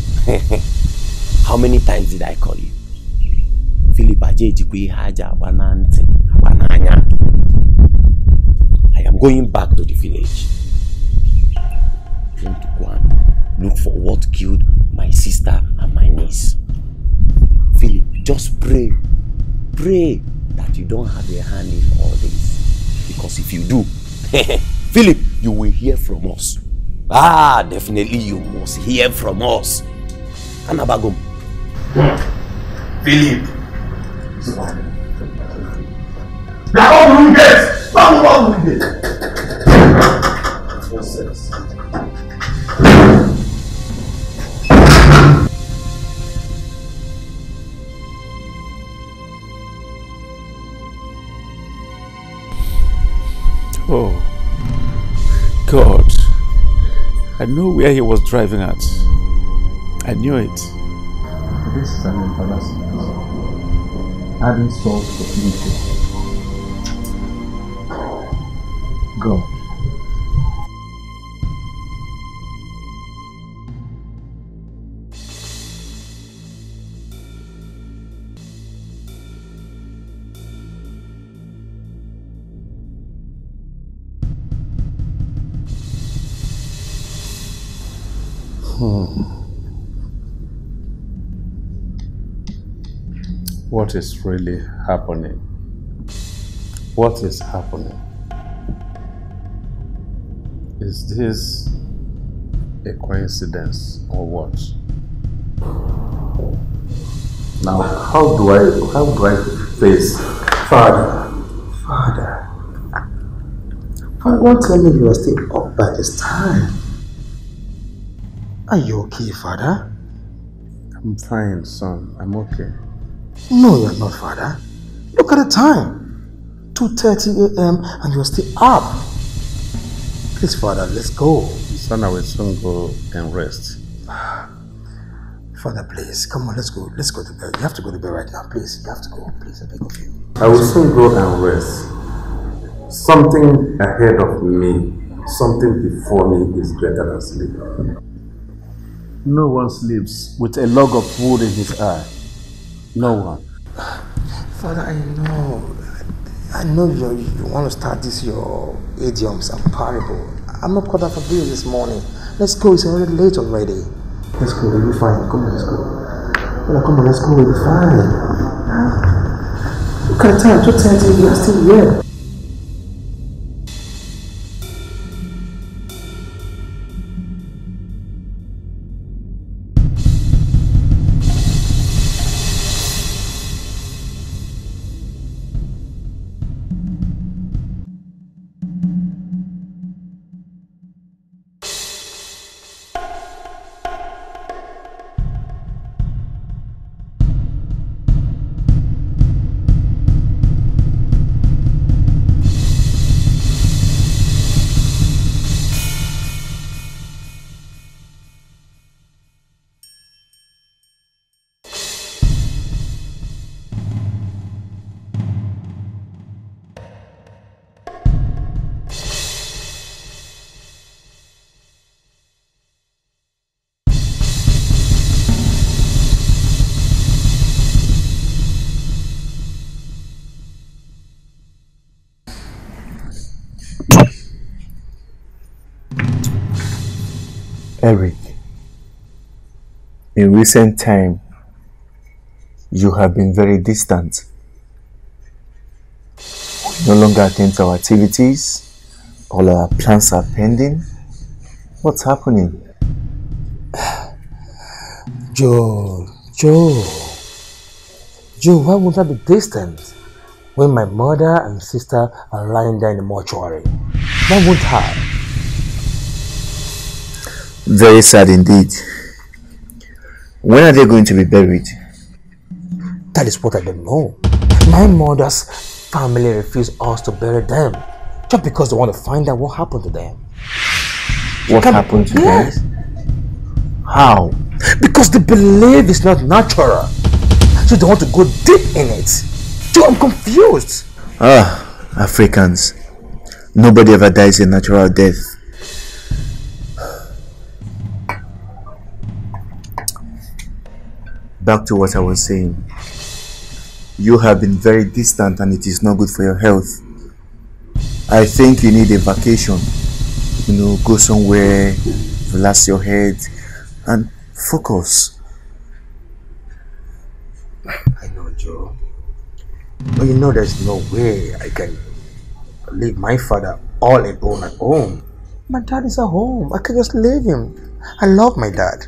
How many times did I call you? Philip ajejikwa ihe agba na ntị agba n'anya I am going back to the village to go and look for what killed my sister and my niece Philip just pray pray that you don't have a hand in all this because if you do Philip you will hear from us ah definitely you must hear from us Anabagom. Hmm. Philip. They are all wrong days. Some wrong with it. Nonsense. Oh, God. I know where he was driving at. I knew it. This is an embarrassment adding salt to the issue. Go. what is really happening. What is happening? Is this a coincidence or what? Now, how do I, how do I face Father? Father, Father, don't tell me you are still up by this time. Are you okay, Father? I'm fine, son. I'm okay. No, you are not, Father. Look at the time. 2.30 a.m. and you are still up. Please, Father, let's go. Son, I will soon go and rest. Father, please, come on, let's go. Let's go to bed. You have to go to bed right now. Please, you have to go. Please, I beg of you. I will soon go and rest. Something ahead of me, something before me is greater than sleep. No one sleeps with a log of wood in his eye no one. Father, I know, I know you, you want to start this, your idioms and parable. I'm not caught up for this this morning. Let's go, it's already late already. Let's go, we'll be fine. Come on, let's go. Well, come on, let's go, we'll be fine. Look at the time, 2.30, you are still here. Eric, in recent time, you have been very distant. We no longer attend our activities. All our plans are pending. What's happening? Joe, Joe, Joe, why would I be distant when my mother and sister are lying there in the mortuary? Why would I? Very sad indeed. When are they going to be buried? That is what I don't know. My mother's family refused us to bury them just because they want to find out what happened to them. What happened to them? How? Because they believe it's not natural. So they want to go deep in it. So I'm confused. Ah, Africans. Nobody ever dies a natural death. back to what I was saying. You have been very distant and it is not good for your health. I think you need a vacation. You know, go somewhere, relax your head, and focus. I know, Joe. But you know, there's no way I can leave my father all alone at home. My dad is at home. I can just leave him. I love my dad.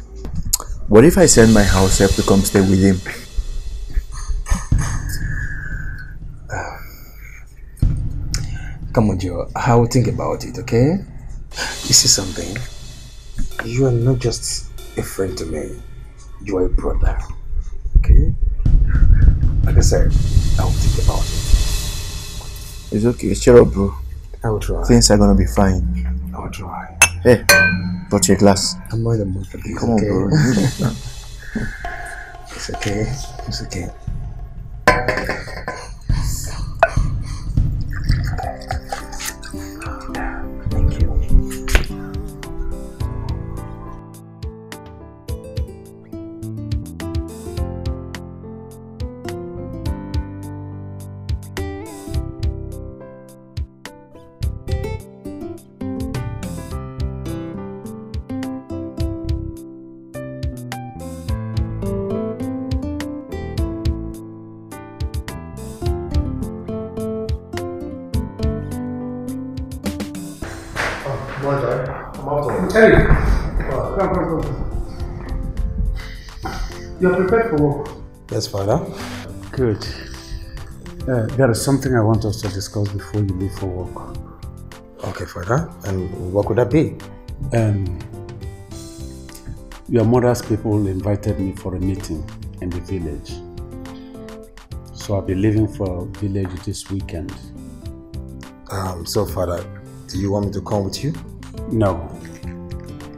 What if I send my house help to come stay with him? Come on, Joe. I will think about it, okay? You see something? You are not just a friend to me. You are a brother. Okay? Like I said, I will think about it. It's okay. Cheer up, bro. I will try. Things are gonna be fine. I will try. Eh, por your A moje mój ¿Cómo que? No sé qué, no sé qué. prepared for work? Yes, Father. Good. Uh, there is something I want us to discuss before you leave for work. Okay, Father. And what could that be? Um, your mother's people invited me for a meeting in the village. So I'll be leaving for village this weekend. Um, so, Father, do you want me to come with you? No.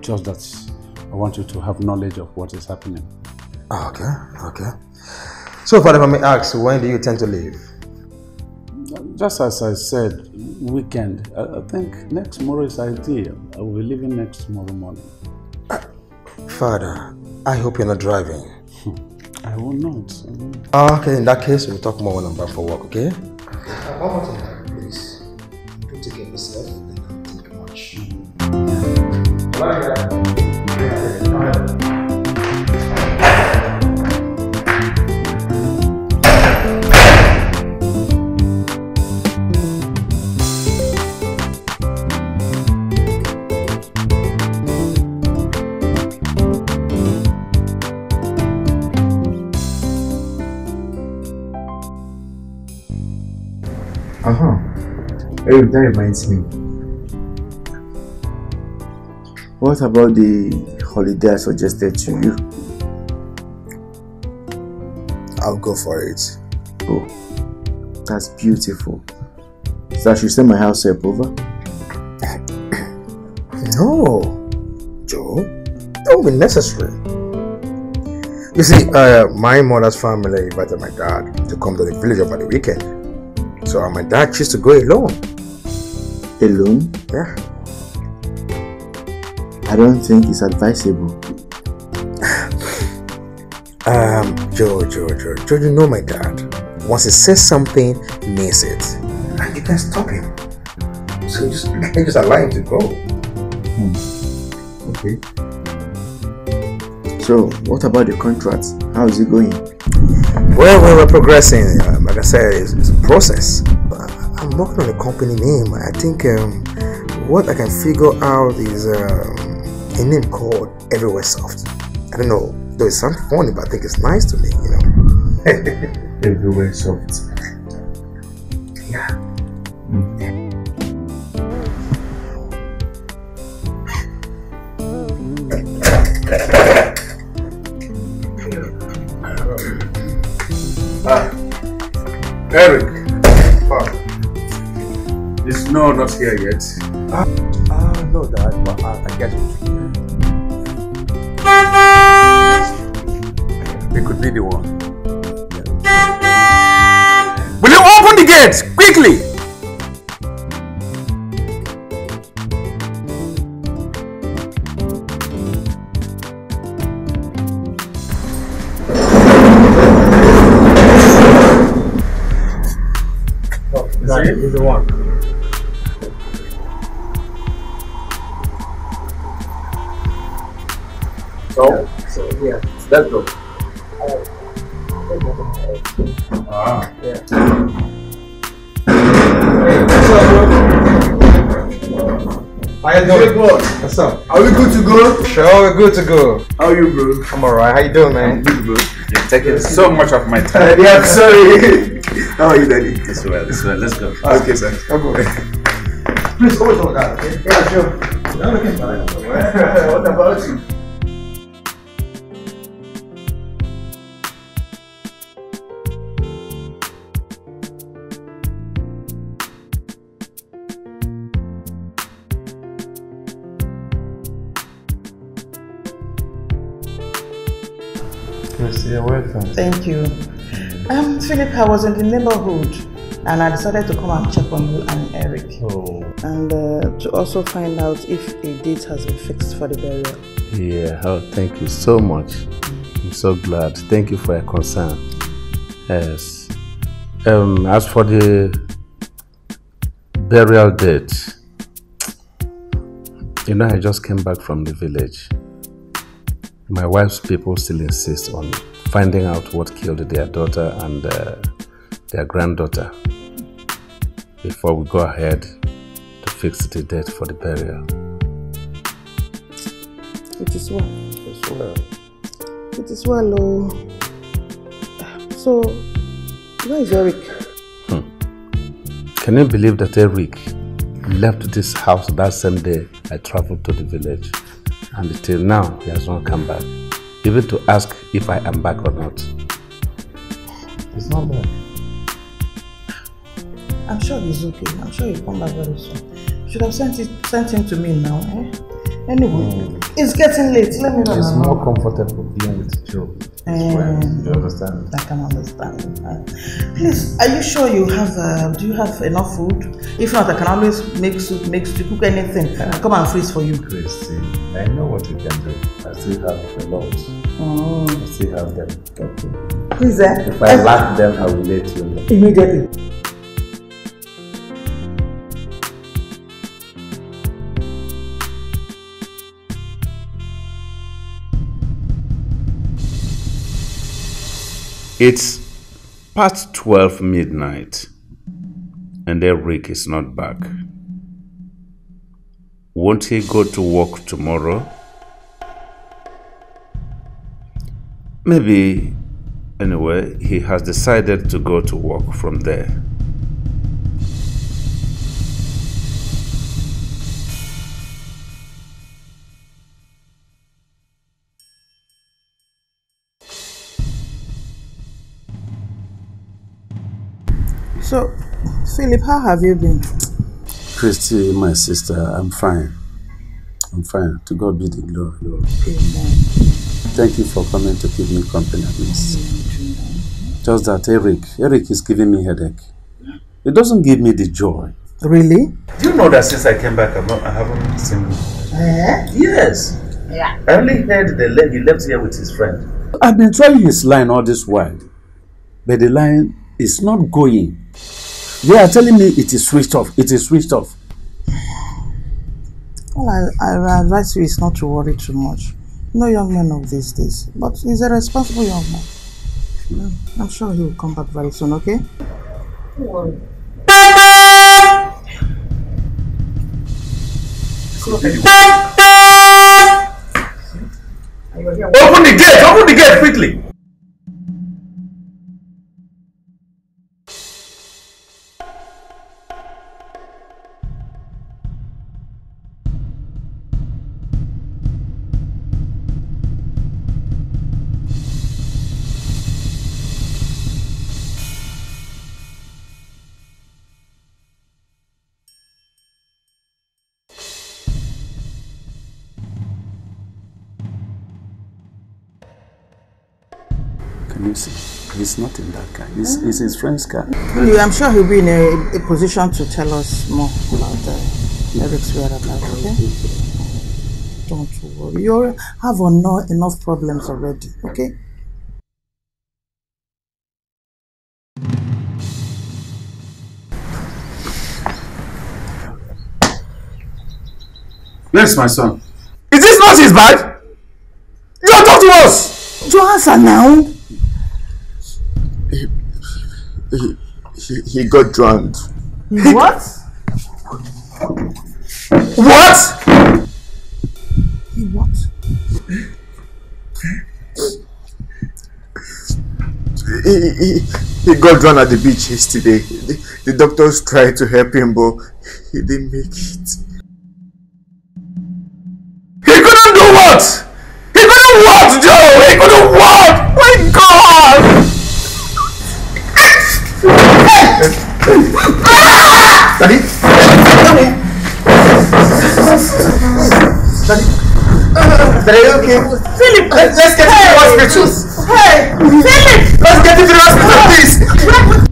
Just that I want you to have knowledge of what is happening. Okay, okay. So, Father, if I may ask, when do you tend to leave? Just as I said, weekend. I, think next tomorrow is ideal. I will be leaving next tomorrow morning. Uh, Father, I hope you're not driving. Hmm. I will not. I not. Okay, in that case, we'll talk more when I'm back for work, okay? Uh, one more thing, please. Do take yourself and much. Hey, that reminds me. What about the holiday I suggested to you? I'll go for it. Oh, that's beautiful. So I should send my house help over? no, Joe. That not be necessary. You see, uh, my mother's family invited my dad to come to the village over the weekend. So my dad chose to go alone alone, yeah, I don't think it's advisable. um, Joe, Joe, Joe, Joe, you know my dad. Once he says something, he means it, and you can stop him. So just just allow him to go. Hmm. Okay. So, what about the contract? How is it going? Well, well we're progressing. Um, like I said, it's, it's a process. But I'm working on a company name. I think um, what I can figure out is um, a name called Everywhere Soft. I don't know, though it sounds funny, but I think it's nice to me, you know. Everywhere Soft. here yet? Ah, uh, uh, no, Dad, but ah, I, I guess we It could be the one. Will you open the gates quickly? good to go. How are you, bro? I'm alright. How you doing, man? I'm good, bro. You're taking so much of my time. yeah, I'm sorry. How are you, daddy? It's well. It's well. Let's go. Okay, sir. Come will go. Please, hold on that. Okay? Yeah, sure. I'm looking fine. what about you? Philip, I was in the neighborhood and I decided to come and check on you and Eric. Oh. And uh, to also find out if a date has been fixed for the burial. Yeah, oh, thank you so much. I'm so glad. Thank you for your concern. Yes. Um, as for the burial date, you know, I just came back from the village. My wife's people still insist on finding out what killed their daughter and uh, their granddaughter before we go ahead to fix the date for the burial. It is one. It is well. It is well, So, where is Eric? Hmm. Can you believe that Eric left this house that same day I traveled to the village? And till now, he has not come back even to ask if I am back or not. It's not bad. I'm sure he's okay. I'm sure he'll come back very soon. You Should have sent it sent him to me now, eh? Anyway, mm. it's getting late. Let me know. It's more comfortable being with Joe. Um, you understand? I can understand. Uh, please, are you sure you have? Uh, do you have enough food? If not, I can always make soup, make soup, cook anything. Uh, come and freeze for you. Christy, I know what you can do. I still have a lot. Oh. I still have them. Okay. Please, uh, if I lack them, I will let you know immediately. It's past 12 midnight, and Eric is not back. Won't he go to work tomorrow? Maybe, anyway, he has decided to go to work from there. So, Philip, how have you been? Christy, my sister, I'm fine. I'm fine. To God be the glory. Amen. Thank you for coming to keep me company at least. Just that Eric, Eric is giving me headache. It doesn't give me the joy. Really? Do you know that since I came back, i not, I haven't seen him? Eh? Yes. Yeah. I only heard the he left here with his friend. I've been trying his line all this while, but the line is not going. They are telling me it is switched off. It is switched off. Well, I, I advise you is not to worry too much. No young man of these days, but he's a responsible young man. Well, I'm sure he will come back very soon, okay? Don't worry. Open the gate! Open the gate quickly! It's not in that car. It's, it's his friend's car. I'm sure he'll be in a, a position to tell us more about uh, Eric's whereabouts, okay? Don't worry. You have enough problems already, okay? Yes, my son. Is this not his bag? Don't talk to us! Do answer now. He, he, he, got drowned. What? What? He what? He, he, he got drowned at the beach yesterday. The, the doctors tried to help him, but he didn't make it. Very okay. Philip! Let, us get hey. to the hospital. Hey! Philip! Let's get to the hospital, please!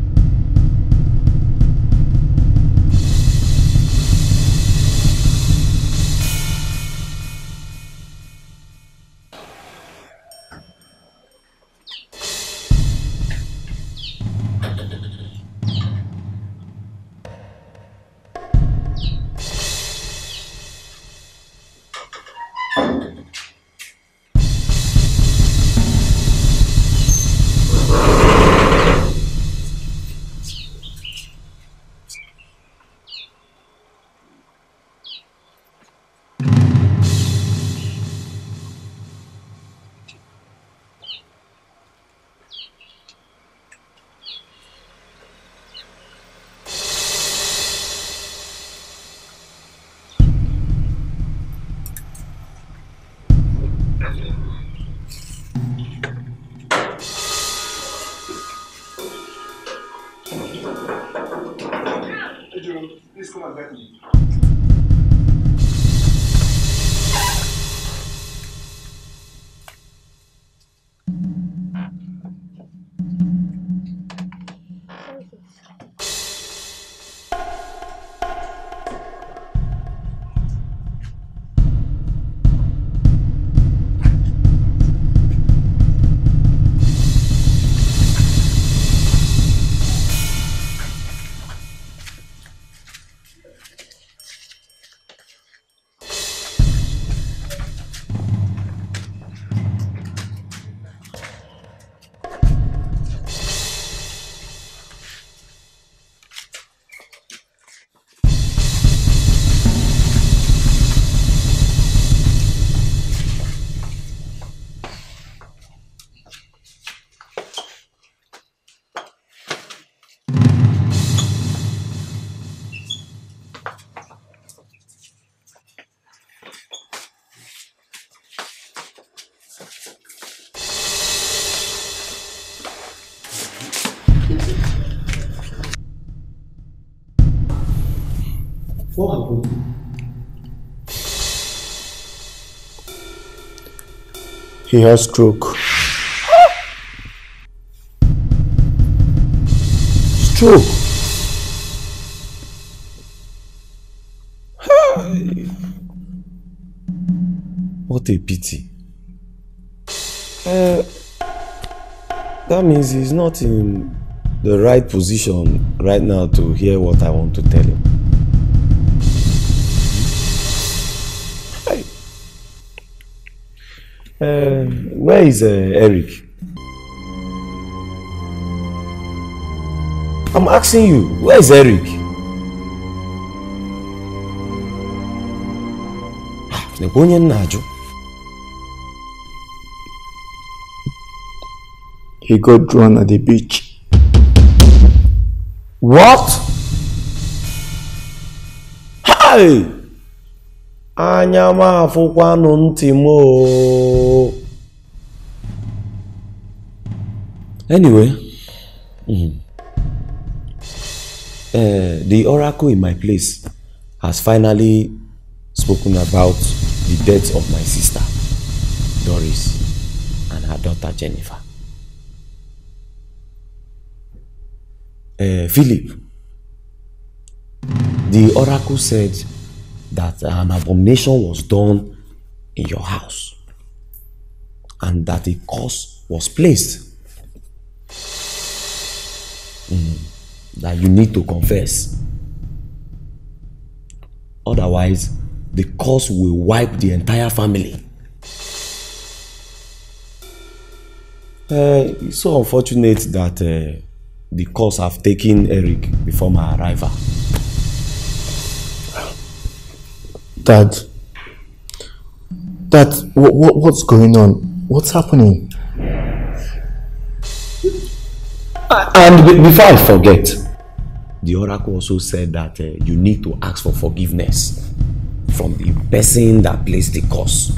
He has stroke. stroke. what a pity. Uh, that means he's not in the right position right now to hear what I want to tell him. Uh, where is uh, Eric? I'm asking you, where is Eric? Nekwa onye nna ajụ. He got drawn at the beach. What? Hey! anya m afụkwanụ ntị m o anyway mm, uh, the oracle in my place has finally spoken about the death of my sister Doris and her daughter Jennifer. Uh, Philip, the oracle said that an abomination was done in your house and that a curse was placed mm, that you need to confess. Otherwise, the curse will wipe the entire family. Uh, it's so unfortunate that uh, the curse have taken Eric before my arrival. Dad, Dad, what, what, what's going on? What's happening? And before I forget, the oracle also said that uh, you need to ask for forgiveness from the person that placed the curse.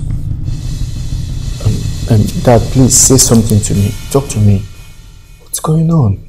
Um, um, Dad, please say something to me. Talk to me. What's going on?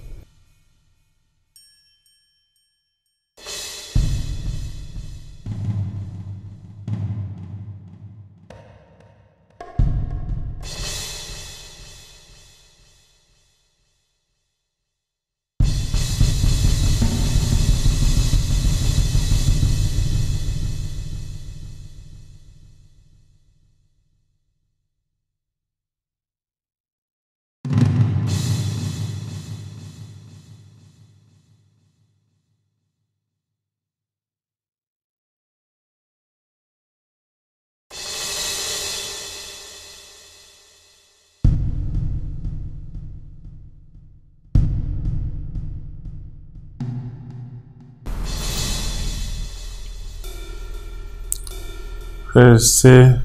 फिर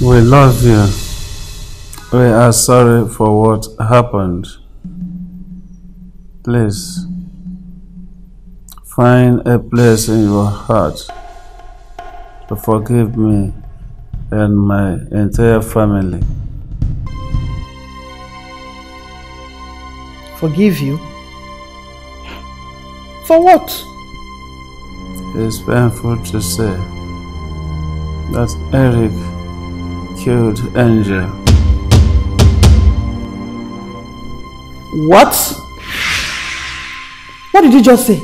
We love you. We are sorry for what happened. Please find a place in your heart to forgive me and my entire family. Forgive you? For what? is painful to say that Eric killed Angel. What? What did you just say?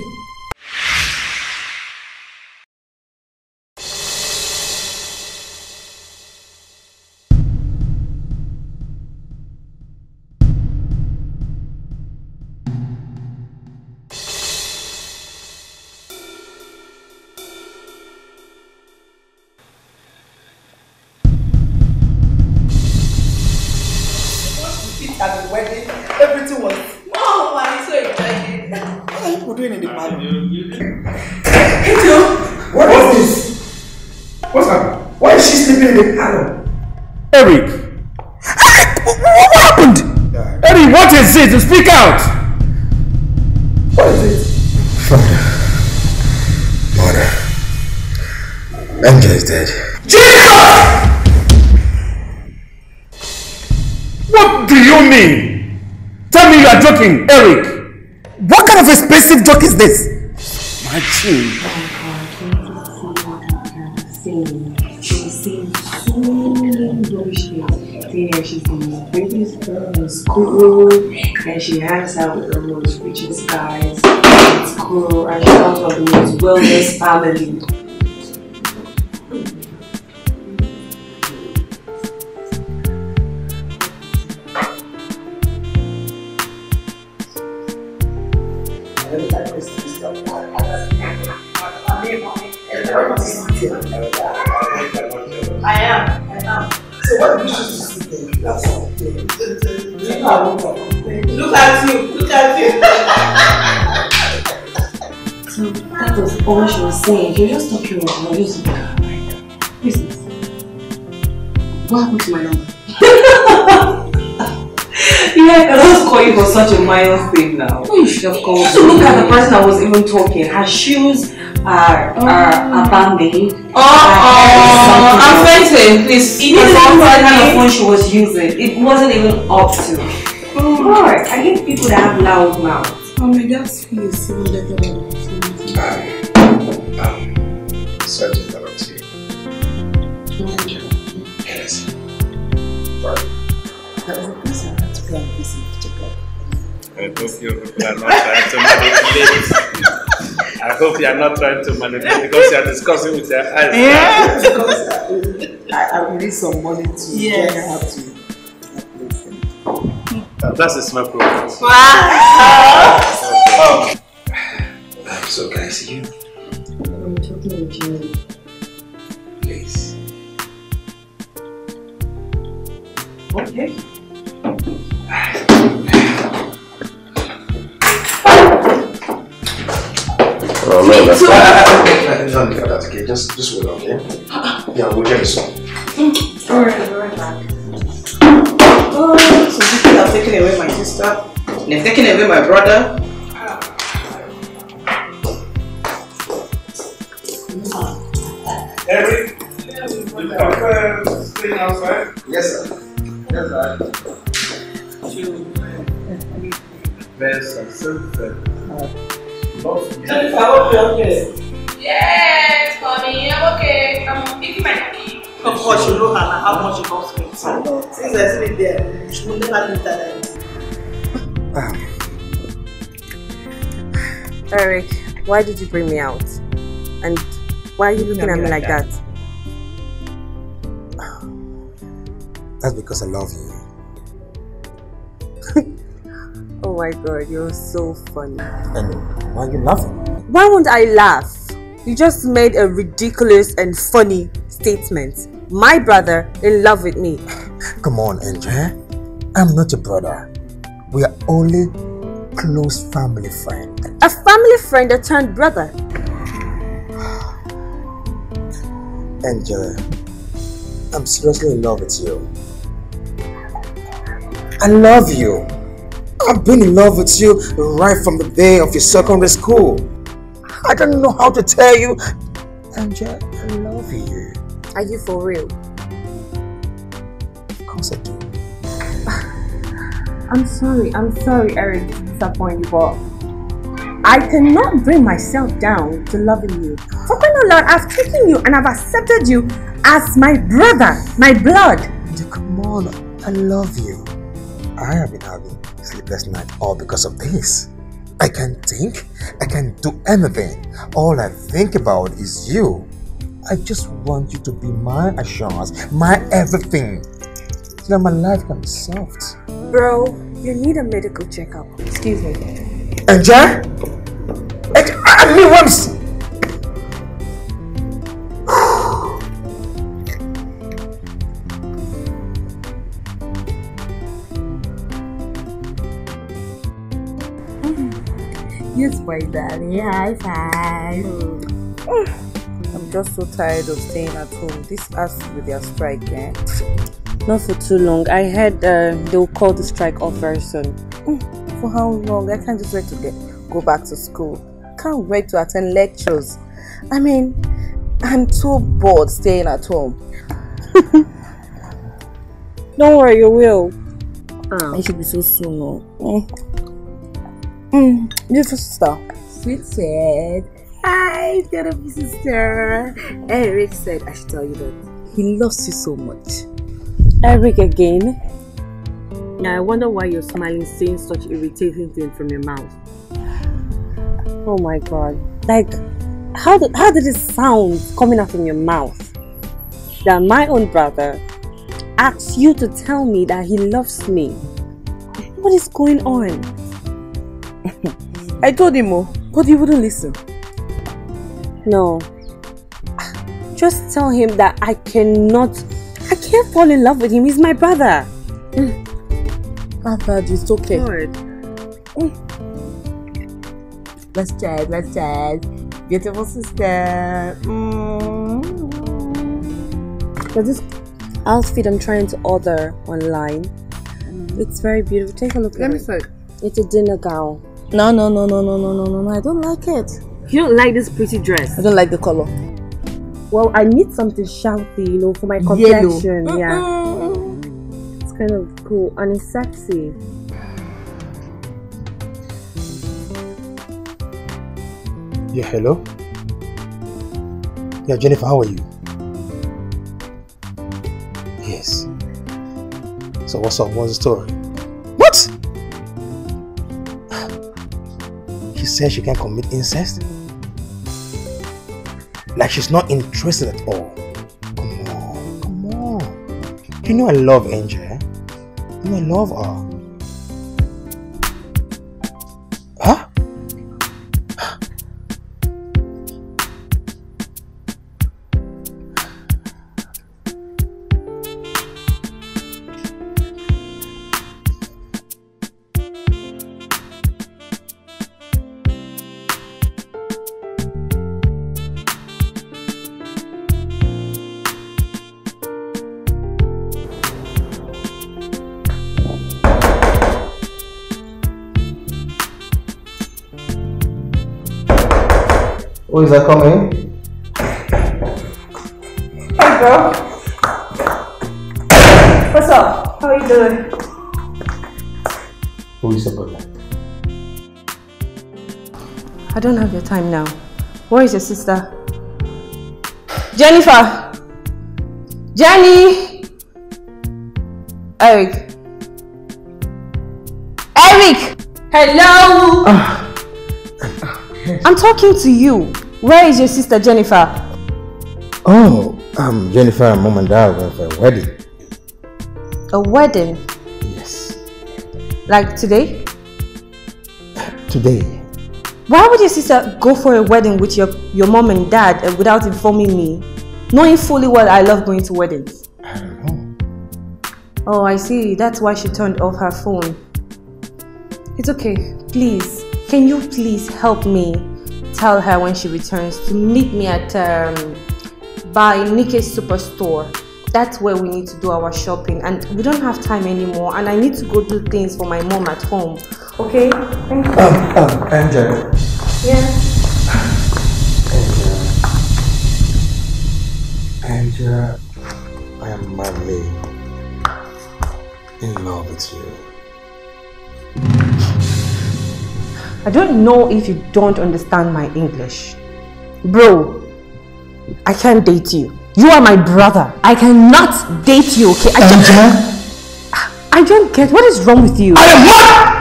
out are the most richest guys. It's cool. I she comes from the most wealthiest family. saying, you're just talking wrong. You're just looking at my Who is this? What happened to my number? yeah, I cannot call you for such a minor thing now. Oh, you should have called me. So look at the person I was even talking. Her shoes are, oh. are abandoned. Oh, oh, I'm fainting. Please. It is the kind of phone she was using. It wasn't even up to. Oh, God. I hate people that have loud mouths. Oh, my God, please, is even better than I hope you people are not trying to manipulate. I hope you are not trying to manipulate because you are discussing with your eyes. Yeah. because I, I, need some money to yes. I have to. That's a my problem. Wow! oh. I'm um, so glad to see you. I'm talking with you. Please. Okay. Oh, no, that's fine. okay? Just, just wait, okay? Yeah, we'll get it song. Alright, I'll be right back. Oh, so people have taken away my sister. And they've taken away my brother. Eric, you prefer staying outside? Yes, sir. Yes, sir. Best and self Yes, mommy, I'm okay. I'm eating my cookie. Of course, you know Hannah, how much she loves me. Since I been there, she will never leave that night. Eric, why did you bring me out? And why are you looking at me like, like that? that? That's because I love you. Oh my god, you're so funny. And why are you laughing? Why won't I laugh? You just made a ridiculous and funny statement. My brother in love with me. Come on, Angel. Eh? I'm not your brother. We are only close family friend. A family friend that turned brother. Angela, I'm seriously in love with you. I love you. I've been in love with you right from the day of your secondary school. I don't know how to tell you. Angel. I love you. Are you for real? Of course I do. I'm sorry, I'm sorry, Eric, to disappoint you, but I cannot bring myself down to loving you. For crying out loud, I've taken you and I've accepted you as my brother, my blood. Come on, I love you. I have been having sleepless night all because of this. I can't think, I can't do anything. All I think about is you. I just want you to be my assurance, my everything, so that my life can be solved. Bro, you need a medical checkup. Excuse me. And Jack? I mean, once. my daddy, High five. Mm. I'm just so tired of staying at home. This us with their strike, eh? Not for too long. I heard uh, they'll call the strike off very soon. Mm. For how long? I can't just wait to get go back to school. Can't wait to attend lectures. I mean, I'm too bored staying at home. Don't worry, you will. Oh. It should be so soon, no? Eh? Mm, little sister. Sweet said, Hi, beautiful sister. Eric said, I should tell you that. He loves you so much. Eric again. Now I wonder why you're smiling saying such irritating things from your mouth. Oh my god. Like, how did, how did it sound coming out from your mouth? That my own brother asks you to tell me that he loves me. What is going on? I told him, oh, but he wouldn't listen. No. Just tell him that I cannot, I can't fall in love with him. He's my brother. Mm. Abad, it's okay. Mm. Let's try. let's try. Beautiful sister. Mm. this outfit I'm trying to order online, mm. it's very beautiful. Take a look Let at it. Let me see. It's a dinner gown. No, no, no, no, no, no, no, no, I don't like it. You don't like this pretty dress? I don't like the color. Well, I need something shouty, you know, for my complexion. Yellow. Yeah. Mm -mm. It's kind of cool and it's sexy. Yeah, hello? Yeah, Jennifer, how are you? Yes. So what's up? What's the story? says she can't commit incest? Like she's not interested at all. Come on, come on. You know I love Angel. Eh? You know I love her. things are coming. Hey girl. What's up? How are you doing? Who is Ebola? I don't have your time now. Where is your sister? Jennifer! Jenny! Eric. Eric! Hello! Uh, I'm talking to you. Where is your sister Jennifer? Oh, um, Jennifer and mom and dad went for a wedding. A wedding? Yes. Like today? Today. Why would your sister go for a wedding with your, your mom and dad and without informing me? Knowing fully well I love going to weddings. I don't know. Oh, I see. That's why she turned off her phone. It's okay. Please, can you please help me? tell her when she returns to meet me at um, by Nikki's Superstore. That's where we need to do our shopping, and we don't have time anymore. And I need to go do things for my mom at home. Okay? Thank you. Um, um, Angel. Yeah. Angel. Angel, I am madly in love with you. I don't know if you don't understand my English. Bro, I can't date you. You are my brother. I cannot date you, okay? I don't, Angela? I don't get what is wrong with you. I am mad!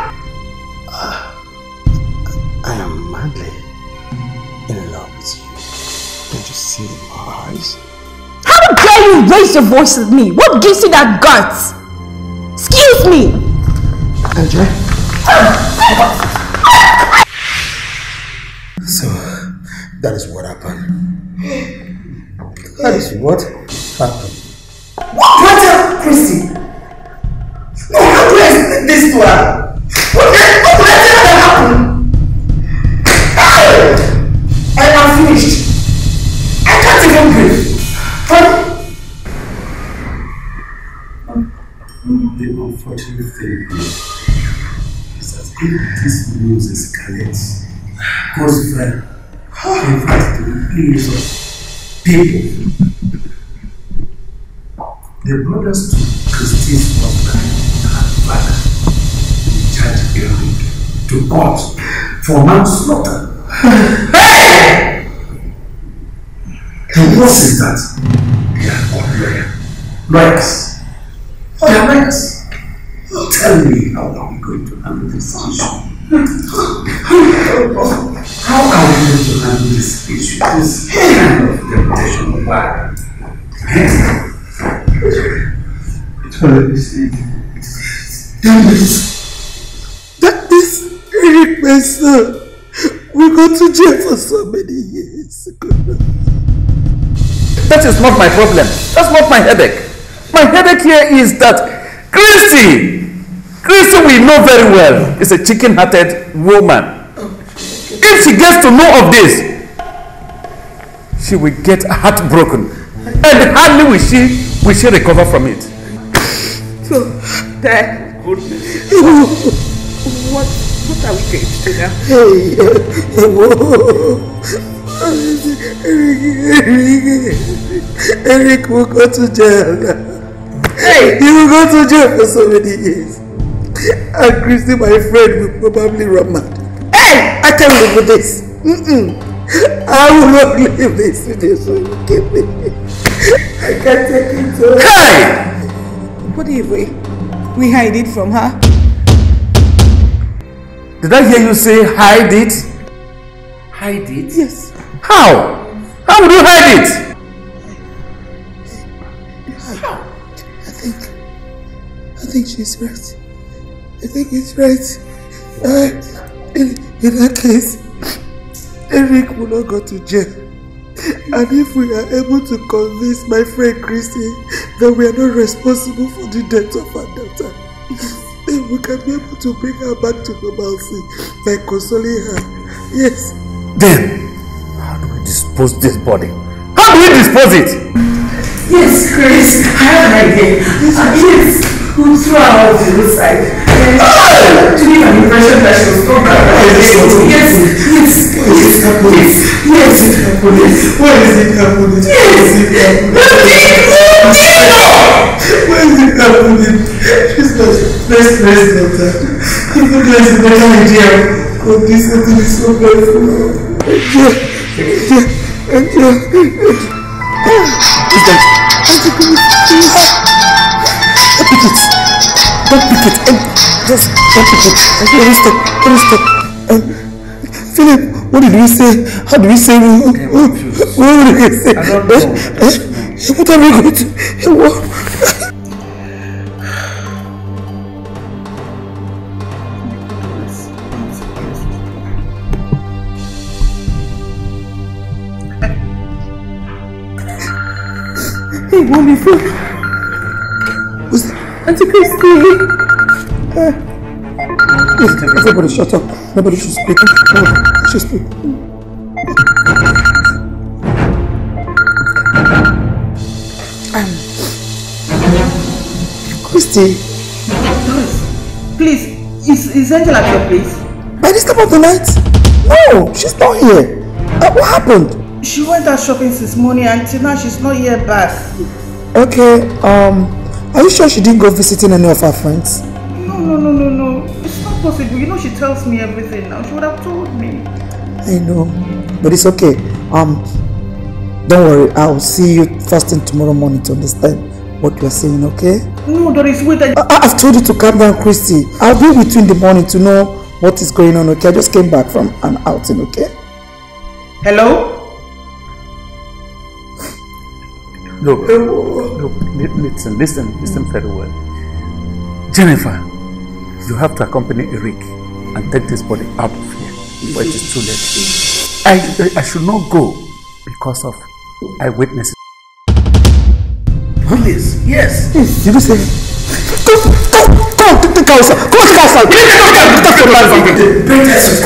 I am madly in love with you. Can't you see in my eyes? How dare you raise your voice at me? What gives you that guts? Excuse me! Angela? Ah! That is what happened. That is what happened. What do I tell Christy? No, how do I explain this to her? What did I, what did I tell her happened? I, I am finished. I can't even breathe. But the unfortunate thing is that if this news escalates, goes viral, refers to the periods of people. They brought us to Christ's mother and father, the judge Eric, to court for manslaughter. hey! The worst that they are called lawyer. lawyers. They are lawyers. Tell me how are we going to handle this issue? How are we going to handle this issue? This kind of temptation by Damn it! That is. Eric, my son, we go to jail for so many years. That is not my problem. That's not my headache. My headache here is that Christy Christy, we know very well, is a chicken hearted woman. If she gets to know of this, she will get heartbroken. And hardly will she, will she recover from it. So, Dad, goodness. What, what are we going to do now? Eric, Eric will go to jail. Hey. He will go to jail for so many years. And Christy, my friend, will probably run mad. Hey! I can't live with this. Mm-mm. I will not live this with you, so you keep me. I can't take it. So hey! What if we, we hide it from her? Did I hear you say hide it? Hide it? Yes. How? How would you hide it? I think she's right. I think it's right. Uh, in, in that case, Eric will not go to jail. And if we are able to convince my friend Christy that we are not responsible for the death of her daughter, then we can be able to bring her back to normalcy by consoling her. Yes. Then, how do we dispose this body? How do we dispose it? Yes, Chris, I have an idea. Yes, uh, yes. we'll throw her out to the side. To me, I'm impression that she was talking about. Yes, yes, yes, Kapolis. Yes, Kapolis. Where is it, Kapolis? Where is it, Kapolis? Where is it, Kapolis? She's my best, best daughter. Even though it's a better idea, but this hotel is so beautiful. Is that? Auntie, come on, please. Please. Don't pick it. And just don't pick it. Where is it? Where is it? Um, Philip, what did we say? How do we say? Okay, what did we say? I don't know. I eh, eh, What are we going to? What? Nobody shut up. Nobody should speak. Nobody should speak. Um, Christy. Doris, please, is, is Angela at your place? By this time of the night? No, she's not here. Uh, what happened? She went out shopping since morning and till now she's not here back. Okay, um, are you sure she didn't go visiting any of her friends? No, no, no, no, no possible? You know she tells me everything now. She would have told me. I know, but it's okay. Um, don't worry. I'll see you first thing tomorrow morning to understand what you are saying. Okay? No, there is way I, have told you to calm down, Christy. I'll be with you in the morning to know what is going on. Okay? I just came back from an outing. Okay? Hello. Look, look, listen, listen, listen very well. Jennifer, you have to accompany Eric and take this body out of here before it is too late. I, I should not go because of eyewitnesses. Police, yes. Did you say? Go, go, go, take the cows out. Go, take the cows You Take the cows out. Take the cows out. The biggest is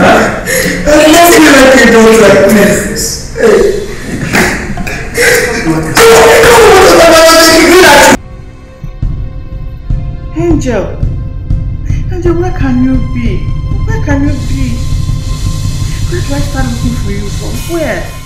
that. I love you like you don't like this. Hey. Go, go, go, go, go, go, go, go, go, go, go, go, go, go, go, Angel, where can you be? Where can you be? Where do I start looking for you from? Where?